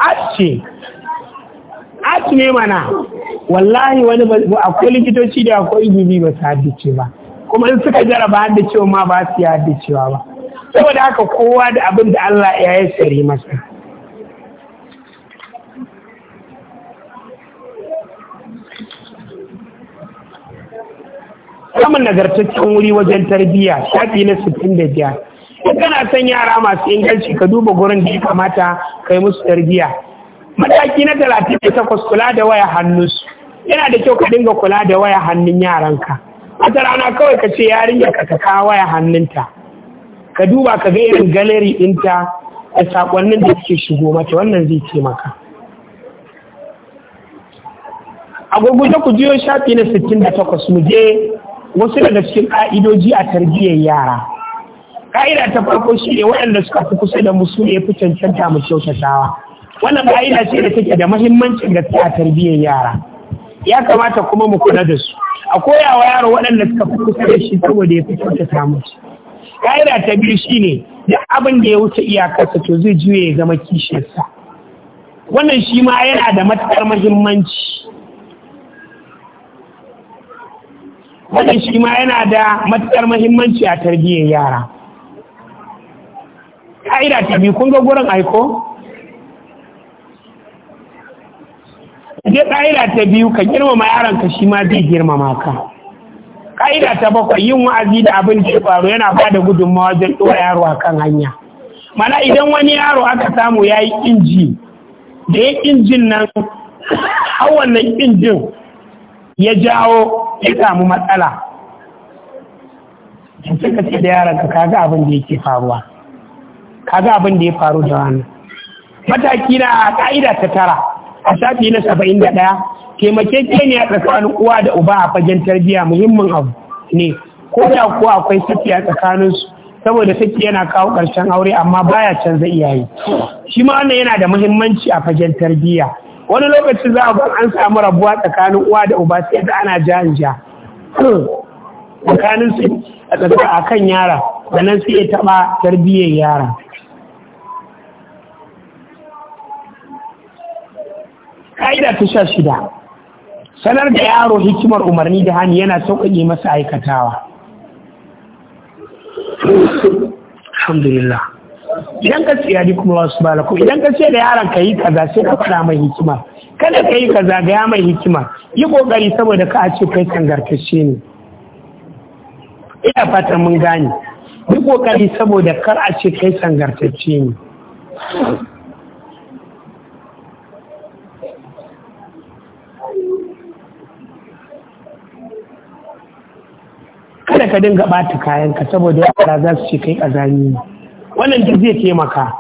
art ce art ne mana wallahi wani akwai likitoci da akwai ilimi ba su haddace ba kuma in suka jaraba haddacewa ma ba su yi haddacewa ba saboda haka kowa da abin da Allah ya yi yassare masa samun nagartaccen wuri wajen tarbiyya shafi na biyar. ko kana son yara masu inganci ka duba gurin da ya kamata ka yi musu tarbiya. mataki na talatin da takwas kula da waya hannunsu yana da kyau ka dinga kula da waya hannun yaranka wata rana kawai ka ce yarinya ka kaka waya hannunta ka duba ka ga irin galeri ɗinta da saƙonnin da suke shigo mata wannan zai taimaka a gurguje ku jiyo shafi na 68 mu je wasu daga cikin ƙa'idoji a tarbiyyar yara ka'ida ta farko shi ne waɗanda suka fi kusa da musu ne fi cancanta mu kyautatawa wannan ka'ida ce da take da mahimmancin da a tarbiyyar yara ya kamata kuma mu kula da su a koyawa yaro waɗanda suka fi kusa da shi saboda ya fi kyautata musu ka'ida ta biyu shi ne da abin da ya wuce iyakarsa to zai juye ya zama kishiyarsa wannan shi ma yana da matuƙar mahimmanci wannan shi ma yana da matuƙar mahimmanci a tarbiyyar yara ka'ida ta biyu kun ga gurin aiko je ka'ida ta biyu ka girmama ka shi ma zai girmama ka ka'ida ta bakwai yin wa'azi da abin da ya faru yana ba da gudunmawa wajen ɗora yaro a kan hanya mana idan wani yaro aka samu ya yi inji da ya injin nan har wannan injin ya jawo ya samu matsala in ka ce da ka kaga abin da yake faruwa kaga abin da ya faru da wani. mataki na ka'ida ta tara a shafi na saba'in da ɗaya ne a tsakanin uwa da uba a fagen tarbiyya muhimmin abu ne ko da kuwa akwai saki a tsakaninsu saboda saki yana kawo ƙarshen aure amma baya canza iyaye shi ma wannan yana da muhimmanci a fagen tarbiyya wani lokacin za a ga an samu rabuwa tsakanin uwa da uba sai da ana ja in ja tsakanin su a kan yara sannan sai ya taɓa tarbiyyar yara ƙa'ida ta sha shida sanar da yaro hikimar umarni da hannu yana sauƙaƙe masa aikatawa alhamdulillah idan ka tsaye ni kuma wasu ba idan ka ce da yaron ka yi kaza sai ka faɗa mai hikima kada ka yi kaza ga mai hikima yi ƙoƙari saboda ka a ce kai ne ina fatan mun gane yi ƙoƙari saboda kar a ce kai sangartacce ne kada ka dinga ɓata ka, saboda yara za su ce kai ƙazami wannan duk zai taimaka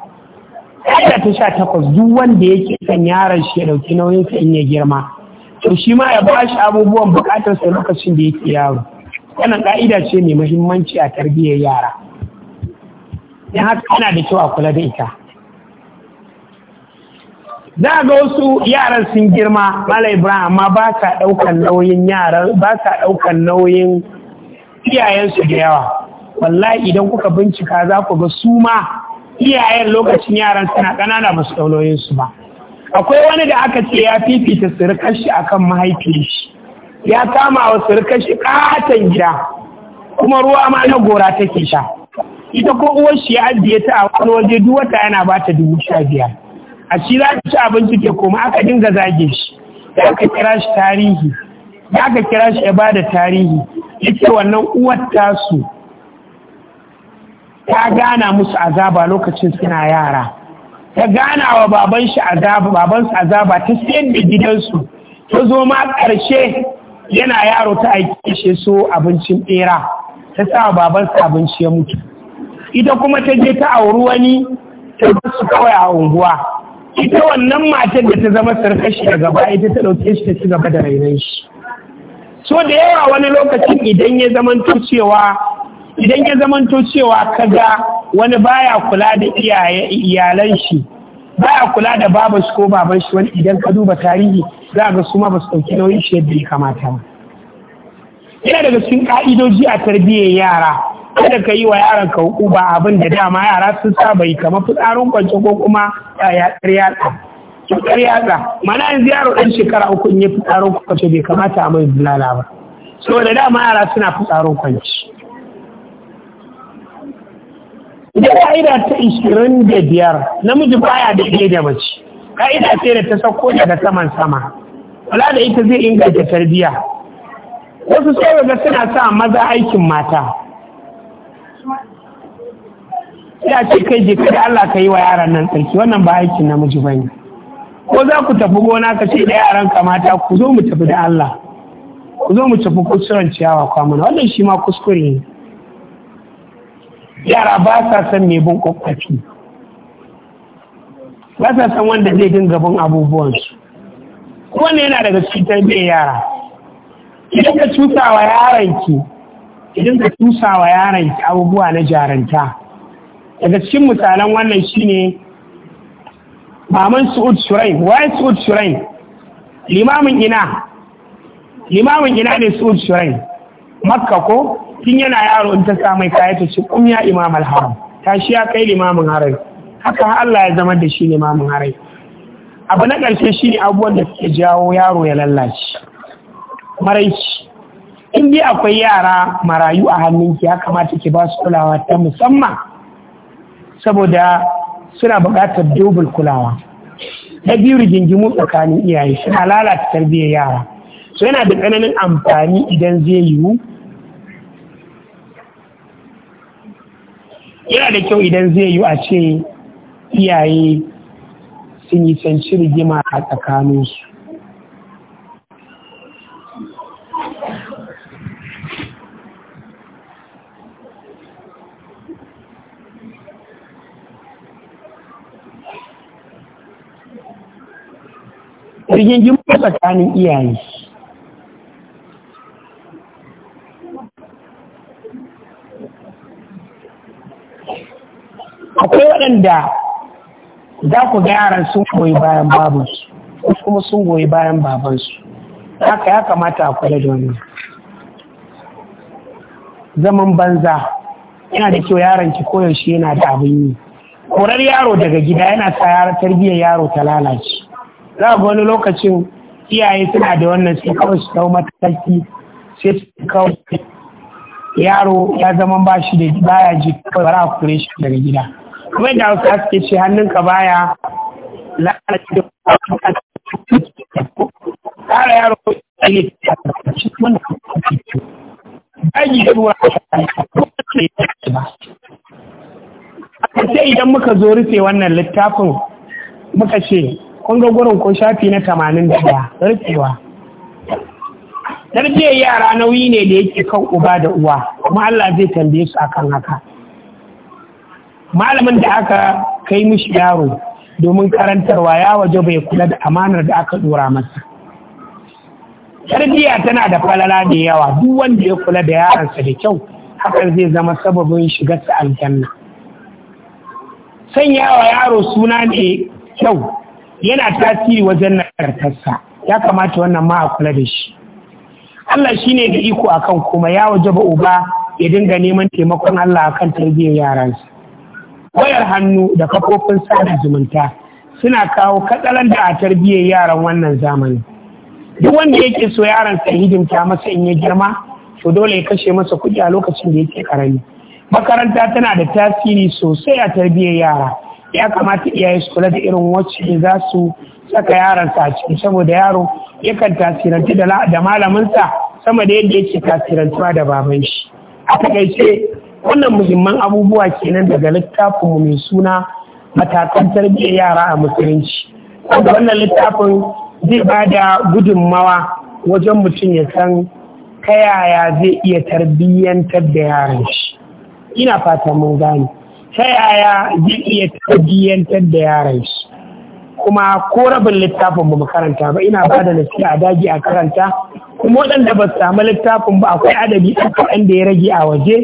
ƙa'ida ta sha takwas duk wanda yake kan yaran shi ya ɗauki nauyinsa in ya girma to shi ma ya ba shi abubuwan sa lokacin da yake yaro wannan ƙa'ida ce mai muhimmanci a tarbiyyar yara ya haka ana da kyau a kula da ita za ga wasu yaran sun girma mala ibrahim amma ba sa ɗaukan nauyin yaran ba sa ɗaukan nauyin iyayensu da yawa wallahi idan kuka bincika za ku ga su ma iyayen lokacin yaran suna ƙanana ba su ɗaunoyin su ba akwai wani da aka ce ya fifita sirkar shi kan mahaifiyar shi ya kama wa sirkar shi ƙaton gida kuma ruwa ma na gora take sha ita ko uwar shi ya ajiye ta a wani waje duk wata yana ba ta dubu sha biyar a shi za ta ci abinci ke koma aka dinga zage shi da aka kira shi tarihi da aka kira shi ya bada tarihi ita wannan uwar tasu ta gana musu azaba lokacin suna yara ta gana wa baban azaba baban su azaba ta siyan da gidansu ta zo ma ƙarshe yana yaro ta aiki shi so abincin ɓera ta sa baban su abinci ya mutu ita kuma ta je ta auri wani ta su kawai a unguwa ita wannan matar da ta zama sarkashi daga gaba ita ta ɗauke shi ta ci gaba da rainon shi so da yawa wani lokacin idan ya zamanto cewa idan ya zamanto cewa kaga wani baya kula da iyaye iyalan shi baya kula da baba shi ko baban shi wani idan ka duba tarihi za ga su ma ba dauki nauyin shi yadda ya kamata ba yana daga cikin ka'idoji a tarbiyyar yara kada ka yi wa yaran ka ba abin da dama yara sun saba yi kamar fitsarin kwance ko kuma ya tsirya cutar yatsa mana yanzu yaro ɗan shekara uku in ya fi tsaron kwace bai kamata a mai bulala ba da dama yara suna fi tsaron kwanci idan ka'ida ta ishirin da biyar namiji baya da ɗaya da mace ka'ida ce da ta sauko daga saman sama wala da ita zai inganta tarbiyya wasu sai ga suna sa maza aikin mata ya ce kai je kada Allah ka yi wa yaran nan tsarki wannan ba aikin namiji bane ko za ku tafi gona ka ce ɗaya ran kamata ku zo mu tafi da Allah ku zo mu tafi kusuran ciyawa kwamana wannan shi ma kuskure ne yara ba sa son mai bin kwakwafi ba sa san wanda zai dinga bin abubuwansu wannan yana daga cutar bai yara idan ka cusa wa yaranki idan ka cusa wa ki abubuwa na jaranta daga cikin misalan wannan shine maman su'ud shurain waye su'ud shurain limamin ina limamin ina ne su'ud shurain makka ko tun yana yaro in ta sa mai kaya ta ce kum ya imam al-haram ta shi ya kai limamin harai haka Allah ya zama da shi limamin harai abu na ƙarshe shi ne abubuwan da suke jawo yaro ya lallace maraici in dai akwai yara marayu a hannunki ya kamata ki ba su kulawa ta musamman saboda suna buƙatar dubul kulawa na biyu rigingimu tsakanin iyaye suna lalata tarbiyyar yara so yana da tsananin amfani idan zai yiwu yana da kyau idan zai yiwu a ce iyaye sun yi canci rigima a tsakaninsu rigingin tsakanin iyaye akwai waɗanda za ku ga yaran sun goyi bayan babansu kuma sun goyi bayan babansu haka ya kamata a kula da wani. zaman banza yana da kyau yaron ki koyaushe yana da abin yi korar yaro daga gida yana sa tarbiyyar yaro ta lalace za ga wani lokacin iyaye suna da wannan sai kawai su dau mataki sai su kawai yaro ya zama ba shi da baya ji kawai bara a kure shi daga gida kuma da wasu suke ce hannunka baya lalace kara yaro ya yi shi wanda aji da ruwa sai idan muka zo rufe wannan littafin muka ce kun ga gurin ko shafi na tamanin da ya tsarkewa tarbiyyar yara nauyi ne da yake kan uba da uwa kuma Allah zai tambaye su akan haka malamin da aka kai mishi yaro domin karantarwa ya waje bai kula da amanar da aka dora masa tarbiyya tana da falala da yawa duk wanda ya kula da yaransa da kyau hakan zai zama sababin shigarsa aljanna sanyawa yaro suna ne kyau yana tasiri wajen nagartarsa ya kamata wannan ma a kula da shi Allah shi ne da iko akan kuma ya waje ba uba ya dinga neman taimakon Allah kan tarbiyyar yaransa wayar hannu da kafofin sada zumunta suna kawo katsalan da a tarbiyyar yaran wannan zamani duk wanda yake so yaransa ya hidimta masa in ya girma to dole ya kashe masa kuɗi a lokacin da yake karami makaranta tana da tasiri sosai a tarbiyyar yara ya kamata iyaye su kula da irin wacce za su saka yaransa a ciki saboda yaro yakan tasiranci da malaminsa sama da yadda yake tasirantuwa da baban shi a takaice wannan muhimman abubuwa kenan daga littafin mu mai suna matakan tarbiyyar yara a musulunci wanda wannan littafin zai ba da gudunmawa wajen mutum ya san ta yaya zai iya tarbiyyantar da yaran shi ina fata mun gane ta yaya zai iya tabbiyantar da yaran shi kuma ko rabin littafin ba mu karanta ba ina ba da nasiha a daji a karanta kuma waɗanda ba su samu littafin ba akwai adabi ɗan da ya rage a waje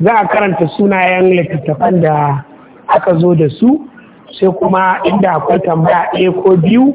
za a karanta sunayen littattafan da aka zo da su sai kuma inda akwai tambaya ɗaya ko biyu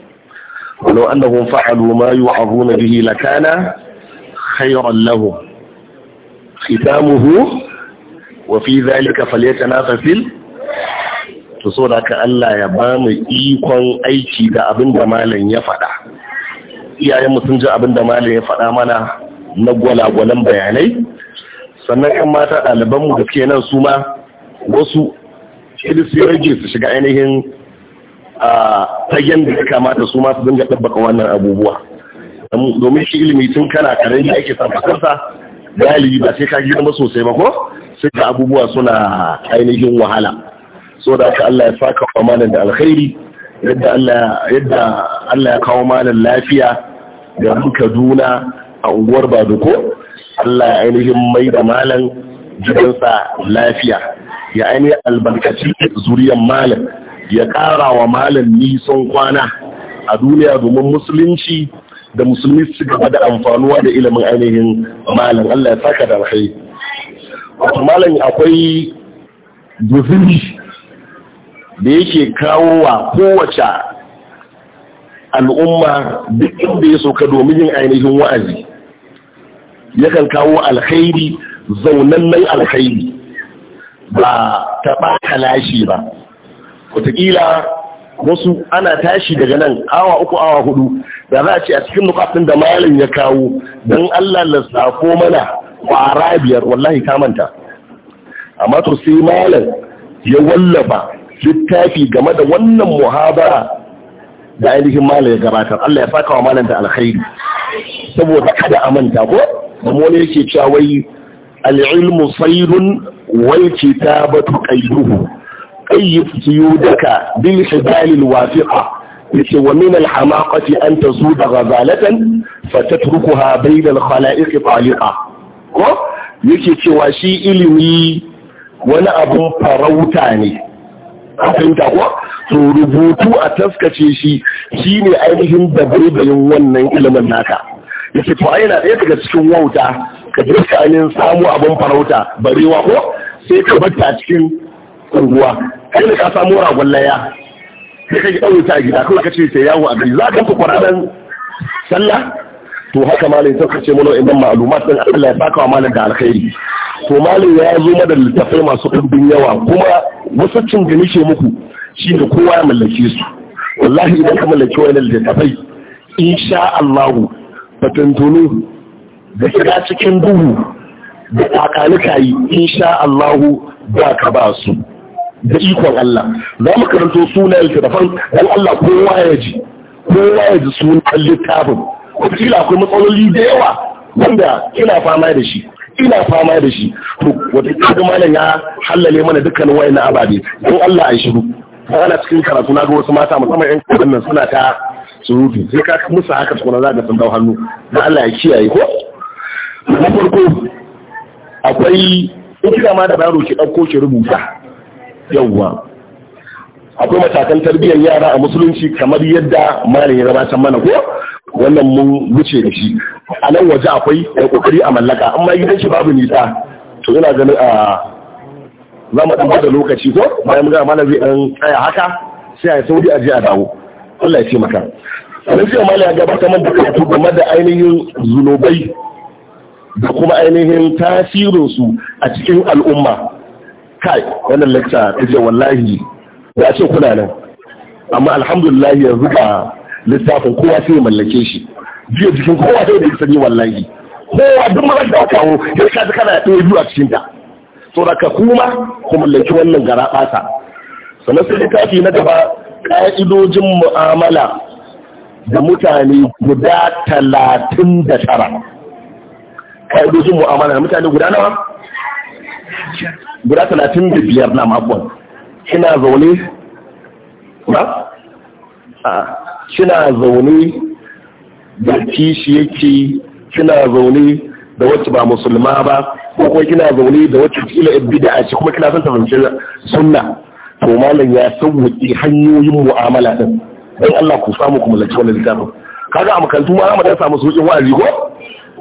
ولو أنهم فعلوا ما يوعظون به لكان خيرا لهم ختامه وفي ذلك فليتنافس to so da ka Allah ya bamu ikon aiki da abin da malam ya faɗa iyayenmu sun ji abin da malam ya faɗa mana na gwala-gwalan bayanai sannan 'yan mata ɗalibanmu da ke nan su ma wasu sai rage su shiga ainihin a fagen da ya kamata su masu dinga ɗabbaka wannan abubuwa domin shi ilimi tun kana karen da ake sarfakarsa galibi ba sai ka zama sosai ba ko sai ka abubuwa suna ainihin wahala so da aka Allah ya saka wa da alkhairi yadda Allah ya kawo malam lafiya da Kaduna a unguwar Baduko Allah ya ainihin mai da malam gidansa lafiya ya ainihin albarkaci zuriyar malam ya ƙara wa malam nisan kwana a duniya domin musulunci da musulmi su gaba da amfanuwa da ilimin ainihin malam Allah ya saka da alkhairi malam akwai guzuri da yake kawo wa kowace al'umma duk inda ya soka domin yin ainihin wa'azi yakan kawo alkhairi zaunannen alkhairi ba taɓa kalashi ba wataƙila wasu ana tashi daga nan awa uku awa hudu da za a ce a cikin bukatun da malam ya kawo don Allah lissafo mana kwara biyar wallahi ta manta amma to sai malam ya wallafa littafi game da wannan muhabara da ainihin malam ya gabatar Allah ya saka wa malam da alkhairi saboda kada a manta ko kuma wani yake cewa wai alilmu sairun sayrun wal kitabatu qayduhu ayyuf suyudaka bil hibalil wafiqa yace wa min al hamaqati an tazuda ghazalatan fatatrukuha bayna al khalaiq taliqa ko yake cewa shi ilimi wani abun farauta ne a fahimta ko to rubutu a taskace shi shine ainihin dabaibayin wannan ilimin naka yace to ai na ɗaya daga cikin wauta ka je ka samu abun farauta barewa ko sai ka a cikin unguwa kai ne ka samu ragon laya sai ka ɗaure ta gida kawai ka ce sai yawo a gari za ka fi kwararan sallah to haka malin sai ka ce mana idan ma'lumat din Allah ya saka wa malin da alkhairi to malin ya zo da littafai masu ɗumbin yawa kuma wasu cin da nake muku shine kowa ya mallake su wallahi idan ka mallaki wannan littafai insha Allah Fatantuni, da shiga cikin duhu da takanuka yi insha Allah ba ka ba su da ikon Allah za mu karanto sunayen littafan dan Allah kowa ya ji kowa ya ji sunan littafin kila akwai matsaloli da yawa wanda ina fama da shi ina fama da shi to kaga malam ya hallale mana dukkanin wayan na ababe don Allah a shiru ana cikin karatu na ga wasu mata musamman yan kudin suna ta surutu sai ka musu haka tukuna za ka san dau hannu don Allah ya kiyaye ko na farko akwai in kira ma da baro ki ɗauko ki rubuta yawwa akwai matakan tarbiyyar yara a musulunci kamar yadda malam ya gabatar mana ko wannan mun wuce da shi a nan waje akwai ya kokari a mallaka amma gidan shi babu nisa to ina ganin a za mu da lokaci ko bayan muka malam zai ɗan tsaya haka sai a sauri a je a dawo Allah ya ce maka sanin sai malam ya gabatar mana da karatu game da ainihin zunubai da kuma ainihin tasirinsu a cikin al'umma kai wannan lecture ta ce wallahi da ce kuna nan amma alhamdulillah yanzu ga littafin kowa sai ya mallake shi jiya jikin kowa sai da ya sani wallahi kowa duk mara da kawo ya sa ta kana ɗaya biyu a cikin ta to da ka kuma ku mallaki wannan gara ɓata sannan sai littafi na gaba ƙa'idojin mu'amala da mutane guda talatin da tara ƙa'idojin mu'amala da mutane guda nawa guda talatin da biyar na makon kina zaune ba a shina zaune da kishi yake kina zaune da wacce ba musulma ba ko kuma kina zaune da wacce kila a shi, kuma kina son ta fahimci sunna to malam ya wuce hanyoyin mu'amala din dan Allah ku samu ku mallaki wannan littafin kaga a makarantu ma Ahmad ya samu sauƙin wa'azi ko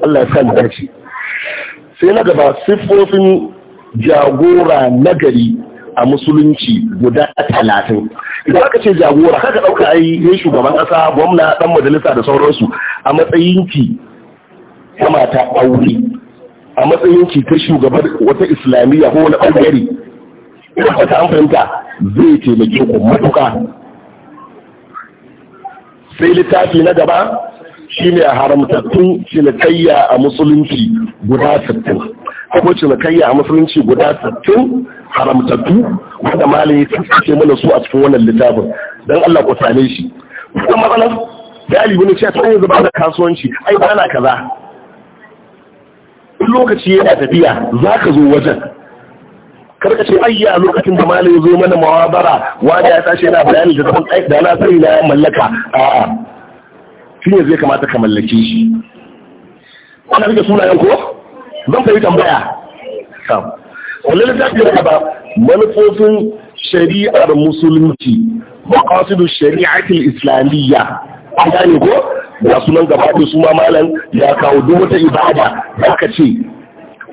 Allah ya sa mu dace sai na gaba siffofin jagora nagari a musulunci guda talatin idan aka ce jagora kaka ɗauka ai yin shugaban ƙasa gwamna ɗan majalisa da sauransu a matsayinki ta mata aure a matsayinki ta shugabar wata islamiyya ko wani ɓangare ina fata an fahimta zai taimake ku matuka. sai littafi na gaba shine a haramtattun cinikayya a musulunci guda sittin akwai cinikayya a musulunci guda sittin haramtattu wanda malami ya ce mana su a cikin wannan littafin don Allah ku same shi kuma matsalar dali wani cewa tsayin zuba da kasuwanci ai ba na kaza lokaci yana tafiya za ka zo wajen karka ce ayya lokacin da malami ya zo mana mawabara wanda ya tashi yana bayani da zaman da na sani na mallaka a'a shi zai kamata ka mallake shi ana rike sunayen ko zan ka yi tambaya sam wani littafi da ba manufofin shari'ar musulunci da shari'atul islamiyya an gane ko da sunan gaba da su ma malam ya kawo duk wata ibada da aka ce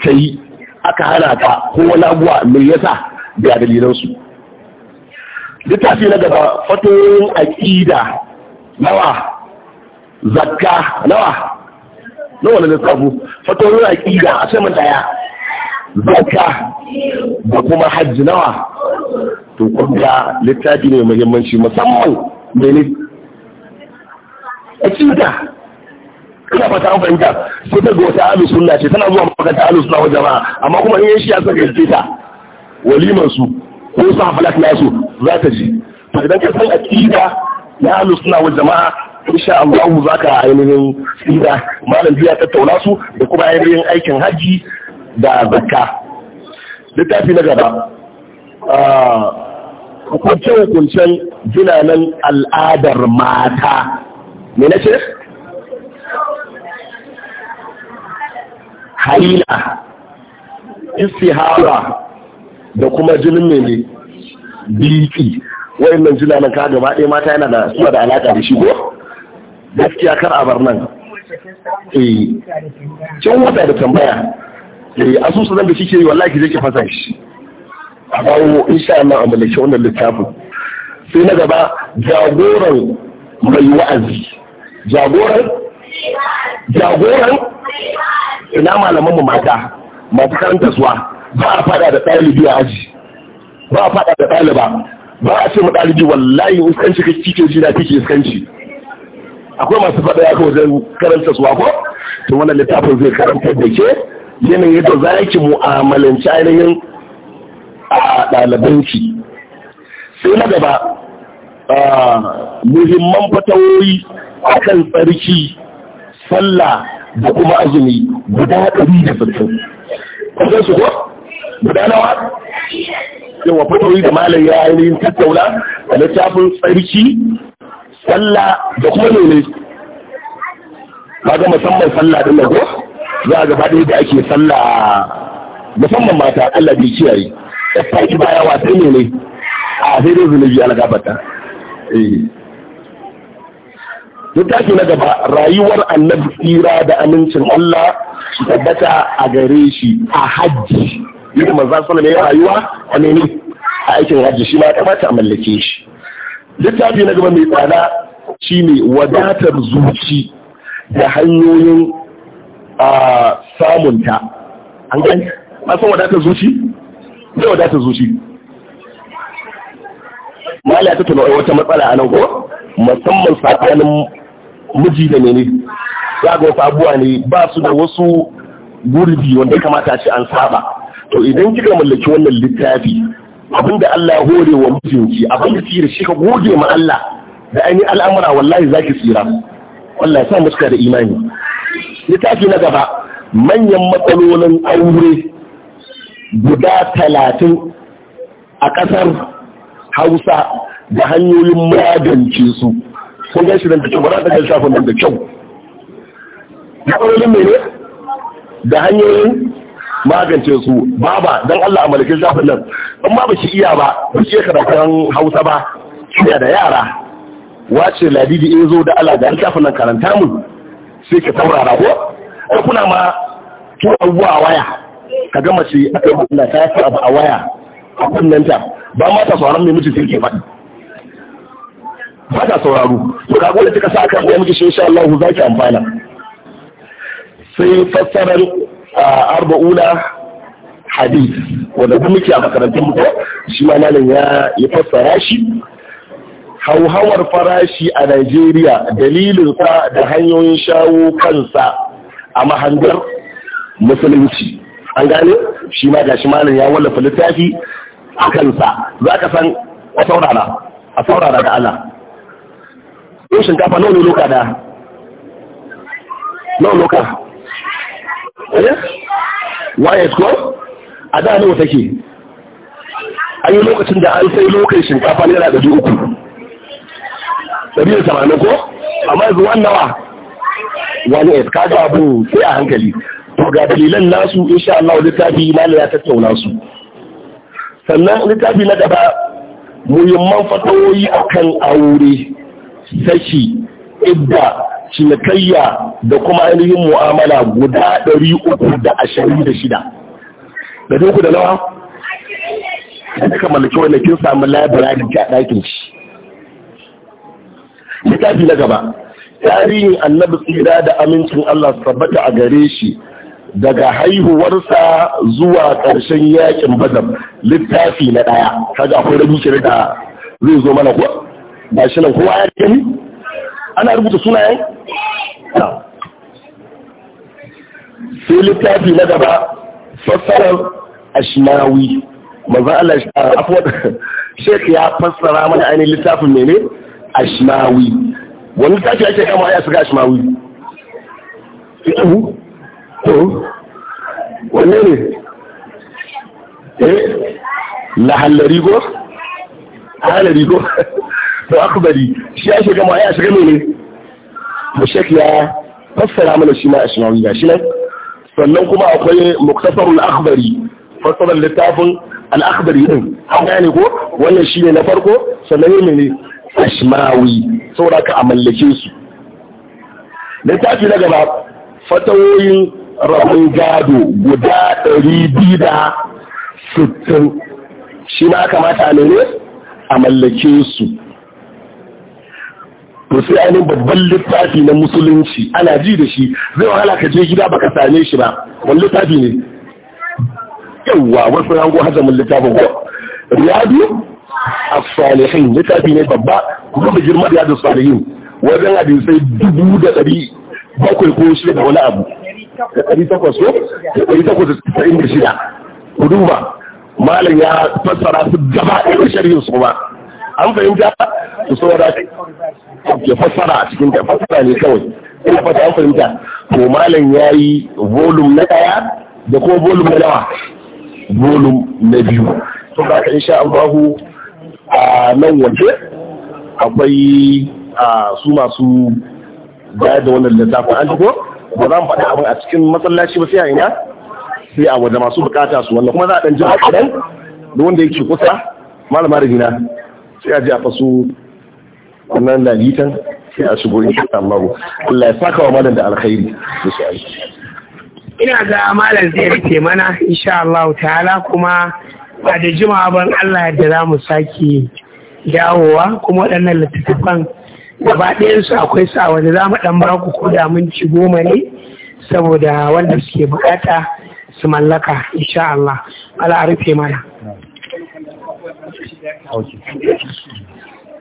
ka yi aka hana ka, ko wani abuwa mai yasa da dalilansu littafi na gaba fatoyin aƙida nawa zakka nawa nawa na lissafu yana aƙida a sama daya zakka da kuma hajji nawa to kunga littafi ne muhimmanci musamman mene aƙida ina fata an fahimta sai ta wata alu sunna ce tana zuwa makaranta alu sunna wa jama'a amma kuma in shi ya saka yake ta waliman su ko sa falak nasu za ta ji to idan ka san aƙida na alu sunna wa jama'a insha Allah mu zaka ainihin tsira malam biya tattauna su da kuma ainihin aikin haji da zakka littafi na gaba ah, hukunce-hukuncen jinanan al'adar mata me na ce? haila istihara da kuma jinin mene biki wayannan jinanan ka gaba ɗaya mata yana da suna da alaƙa da shi ko? gaskiya kar a bar nan eh kin wata da tambaya eh asusu nan da kike yi wallahi ki je ki fasa shi a bawo insha Allah a mallaki wannan littafin sai na gaba jagoran mai wa'azi jagoran jagoran ina malaman mu mata masu karanta suwa ba a fada da ɗalibi a aji ba a fada da ɗaliba ba a ce mu ɗalibi wallahi uskanci kake kike ji na kike uskanci akwai masu faɗa ya kawo zai karanta su ko to wannan littafin zai karanta da ke yanayin yadda za ki mu'amalanci ainihin a ɗalibanki sai na gaba muhimman fatawoyi akan tsarki sallah da kuma azumi guda ɗari da sassan kusan su ko guda nawa yawa fatawoyi da malam ya ainihin tattaula a littafin tsarki sallah da kuma lele kaga musamman sallah din ko za ga faɗi da ake sallah musamman mata Allah bai kiyaye da faɗi baya wa sai ne a sai dai zunubi alagabata gabata eh littafi na gaba rayuwar annabi tsira da amincin Allah su tabbata a gare shi a hajji yadda manzan sallallahu alaihi rayuwa a ne a aikin hajji shi ma kamata a mallake shi littafi na gaba mai tsada shine wadatar zuci da hanyoyin samunta an gani masan wadatar zuci? zai wadatar zuci a ta tuna wata matsala a nan ko musamman tsakanin miji da ne Ya ga wasu abuwa ne ba su da wasu gurbi wanda ya kamata ce an saba to idan kika mallaki wannan littafi abinda Allah ya hore wa mutunci abinda ki da shi ka gode ma Allah da ainihin al'amura wallahi za ki tsira wallahi sa muska da imani littafi na gaba manyan matsalolin aure guda talatin a ƙasar hausa da hanyoyin magance su kun gan shi da kyau ba za ta shafin nan da kyau matsalolin ne da hanyoyin magance su baba don Allah a malakin shafin nan in ma ba shi iya ba ba shi karatun hausa ba shi da yara wace ladidi in zo da Allah da shafin nan karanta mu sai ka taurara ko ko kuna ma to abuwa a waya ka gama shi aka yi na ta yi abu a waya a ta ba ma ta sauran mai mutu sai ke ba ta sauraro to kaga wanda kika sa aka ga miki shi insha Allah za ki amfana sai fassarar arba'una hadith wanda kuma muke a makarantar mu shi ma malam ya ya fassara shi hauhawar farashi a Najeriya dalilin dalilinsa da hanyoyin shawo kansa a mahangar musulunci an gane shi ma gashi malam ya wallafa littafi a kansa za ka san a saurara a saurara da Allah Shin shinkafa nawa ne loka da nawa loka Eh? wayat ko a da nawa take an yi lokacin da an sai lokacin shinkafa naira dubu uku ɗari da tamanin ko amma yanzu wannan wa? wani es ga abu sai a hankali to ga dalilan nasu insha Allah littafi mali ya tattauna su sannan littafi na gaba muhimman fatawoyi akan aure sashi idda cinikayya da kuma ainihin mu'amala guda ɗari da ashirin da shida. Da da nawa? Da ka mallaki wanda kin samu labirari a ɗakin shi. Littafi na gaba, tarihin annabi tsira da amincin Allah sabbata a gare shi daga haihuwarsa zuwa ƙarshen yakin badar littafi na ɗaya kaga akwai rabi shirin da zai zo mana kuwa? ba shi nan kowa ya gani ana rubuta sunayen sai littafi na gaba fassarar ashmawi maza Allah ah, afuwa shek ya fassara mana ainihin littafin mene ashmawi wani littafi ake kama ya shiga ashmawi wanne ne eh lahallari ko halari ko to akbari shi ya shiga ma ya shiga ne to shek ya fassara mana shi ma a shimawi shi nan sannan kuma akwai muktasarul akhbari fassaran littafin al-akhbari din an gane ko wannan shine na farko sannan ne ashmawi saboda ka a mallake su littafi na gaba fatawoyin rabin gado guda ɗari biyu da sittin shi ma kamata ne a mallake su to sai ainihin babban littafi na musulunci ana ji da shi zai wahala ka je gida baka same shi ba wani littafi ne yawwa wasu rango hajjamin littafin ko riyadu a salihin littafi ne babba kuma da girma riyadu as-salihin wajen hadisai dubu da ɗari bakwai ko shida da wani abu da ɗari takwas ko da ɗari takwas da tsayin da shida ku duba malam ya fassara su gaba ɗaya shari'in su ba an fahimta su saurata ke fassara a cikin ta fassara ne kawai ina fata an fahimta to malam yayi yi volume na daya da ko volume na dawa volume na biyu to ba ka insha Allah a nan waje akwai su masu bayar da wannan littafin an ko ba za mu faɗi abin a cikin masallaci ba sai a ina sai a waje masu bukata su wannan kuma za a ɗan ji da wanda yake kusa malama rigina sai a ji a fasu wannan lalitan sai a shigo in sha Allah Allah ya saka wa malam da alkhairi da su ina ga malam zai rike mana insha Allah ta'ala kuma a da jimawa ban Allah da za mu sake dawowa kuma waɗannan littattafan gaba su akwai sa wanda za mu ɗan ba ku da minti goma ne saboda wanda suke bukata su mallaka insha Allah ala rufe mana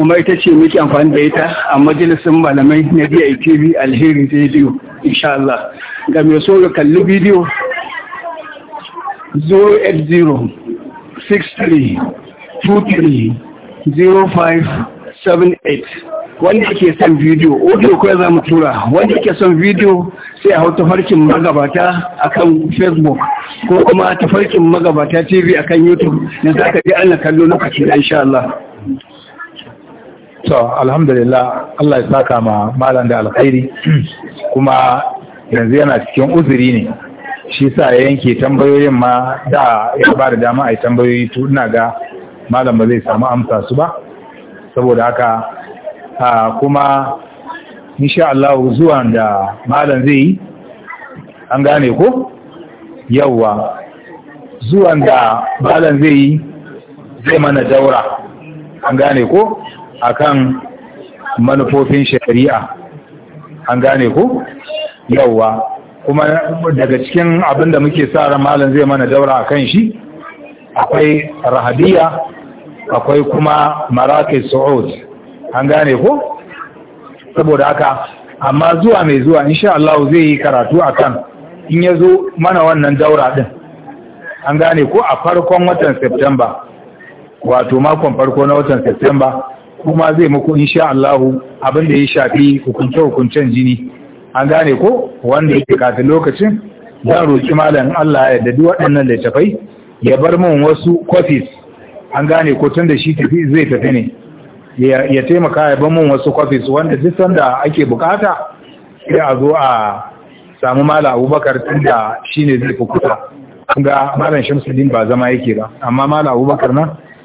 kuma ita ce muke amfani da ita a majalisun malamai na DITV alheri radio insha Allah ga mai so ya kalli bidiyo 080 wanda ke son bidiyo audio kawai za mu tura wanda ke son bidiyo sai a hau tafarkin magabata a kan facebook ko kuma tafarkin magabata tv akan youtube na za ka ji ana kallo lokaci da insha Allah to alhamdulillah Allah ya saka ma malam da alkhairi kuma yanzu yana cikin uzuri ne shi sa ya yanke tambayoyin ma da ya ba da dama a yi tambayoyi to ina ga malam ba zai samu amsa su ba saboda haka kuma insha Allah zuwa da malam zai yi an gane ko yawwa zuwan da malam zai yi zai mana daura an gane ko akan manufofin shari'a an gane ku yawwa kuma daga cikin abin da muke sa ran malam zai mana daura akan shi akwai rahadiya akwai kuma maraqis sa'ud an gane ku saboda haka amma zuwa mai zuwa insha Allah zai yi karatu akan in ya zo mana wannan daura din an gane ko a farkon watan September wato makon farko na watan September kuma zai muku sha Allah abin da ya shafi hukunce-hukuncen jini an gane ko wanda yake kafin lokacin zan roki malam Allah ya dadi waɗannan littafai ya bar min wasu kwafis. an gane ko tun da shi tafi zai tafi ne ya taimaka ya bar min wasu kwafis wanda duk sanda ake bukata sai a zo a samu malam Abubakar tun da shine zai fukuta ga malam Shamsuddin ba zama yake ba amma malam Abubakar nan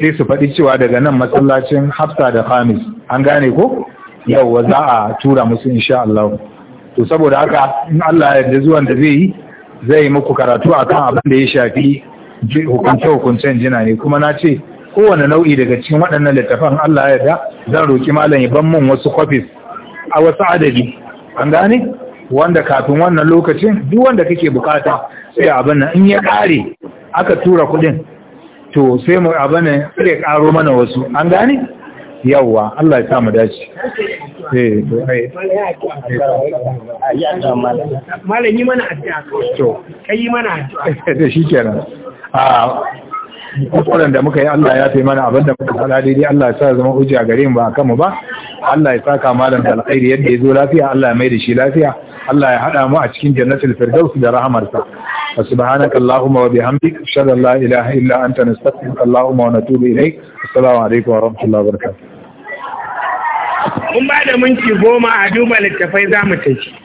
sai su faɗi cewa daga nan masallacin hafsa da khamis an gane ko yauwa za a tura musu insha Allah to saboda haka in Allah ya yarda zuwan da zai yi zai yi muku karatu akan abin da ya shafi hukunce hukuncen jina ne kuma na ce kowane nau'i daga cikin waɗannan littafan Allah ya yarda zan roki malam ya ban mun wasu kwafis a wasu adadi an gane wanda kafin wannan lokacin duk wanda kake bukata sai abin nan in ya kare aka tura kuɗin to sai mu abu ne sai ya karo mana wasu an gani yawwa Allah ya samu dace eh to ai malam yi mana addu'a to kai mana addu'a da shikenan a kuskuren da muka yi Allah ya taimana abinda muka fada daidai Allah ya sa zama hujja gare mu ba kan mu ba Allah ya saka malam da alkhairi yadda ya zo lafiya Allah ya mai da shi lafiya Allah ya hada mu a cikin jannatul firdaus da rahamarsa subhanaka allahumma wa bihamdik ashhadu an la ilaha illa anta nastaghfiruka allahumma wa natubu ilayk assalamu alaikum wa rahmatullahi mun ba da minti goma a duba littafai za mu tafi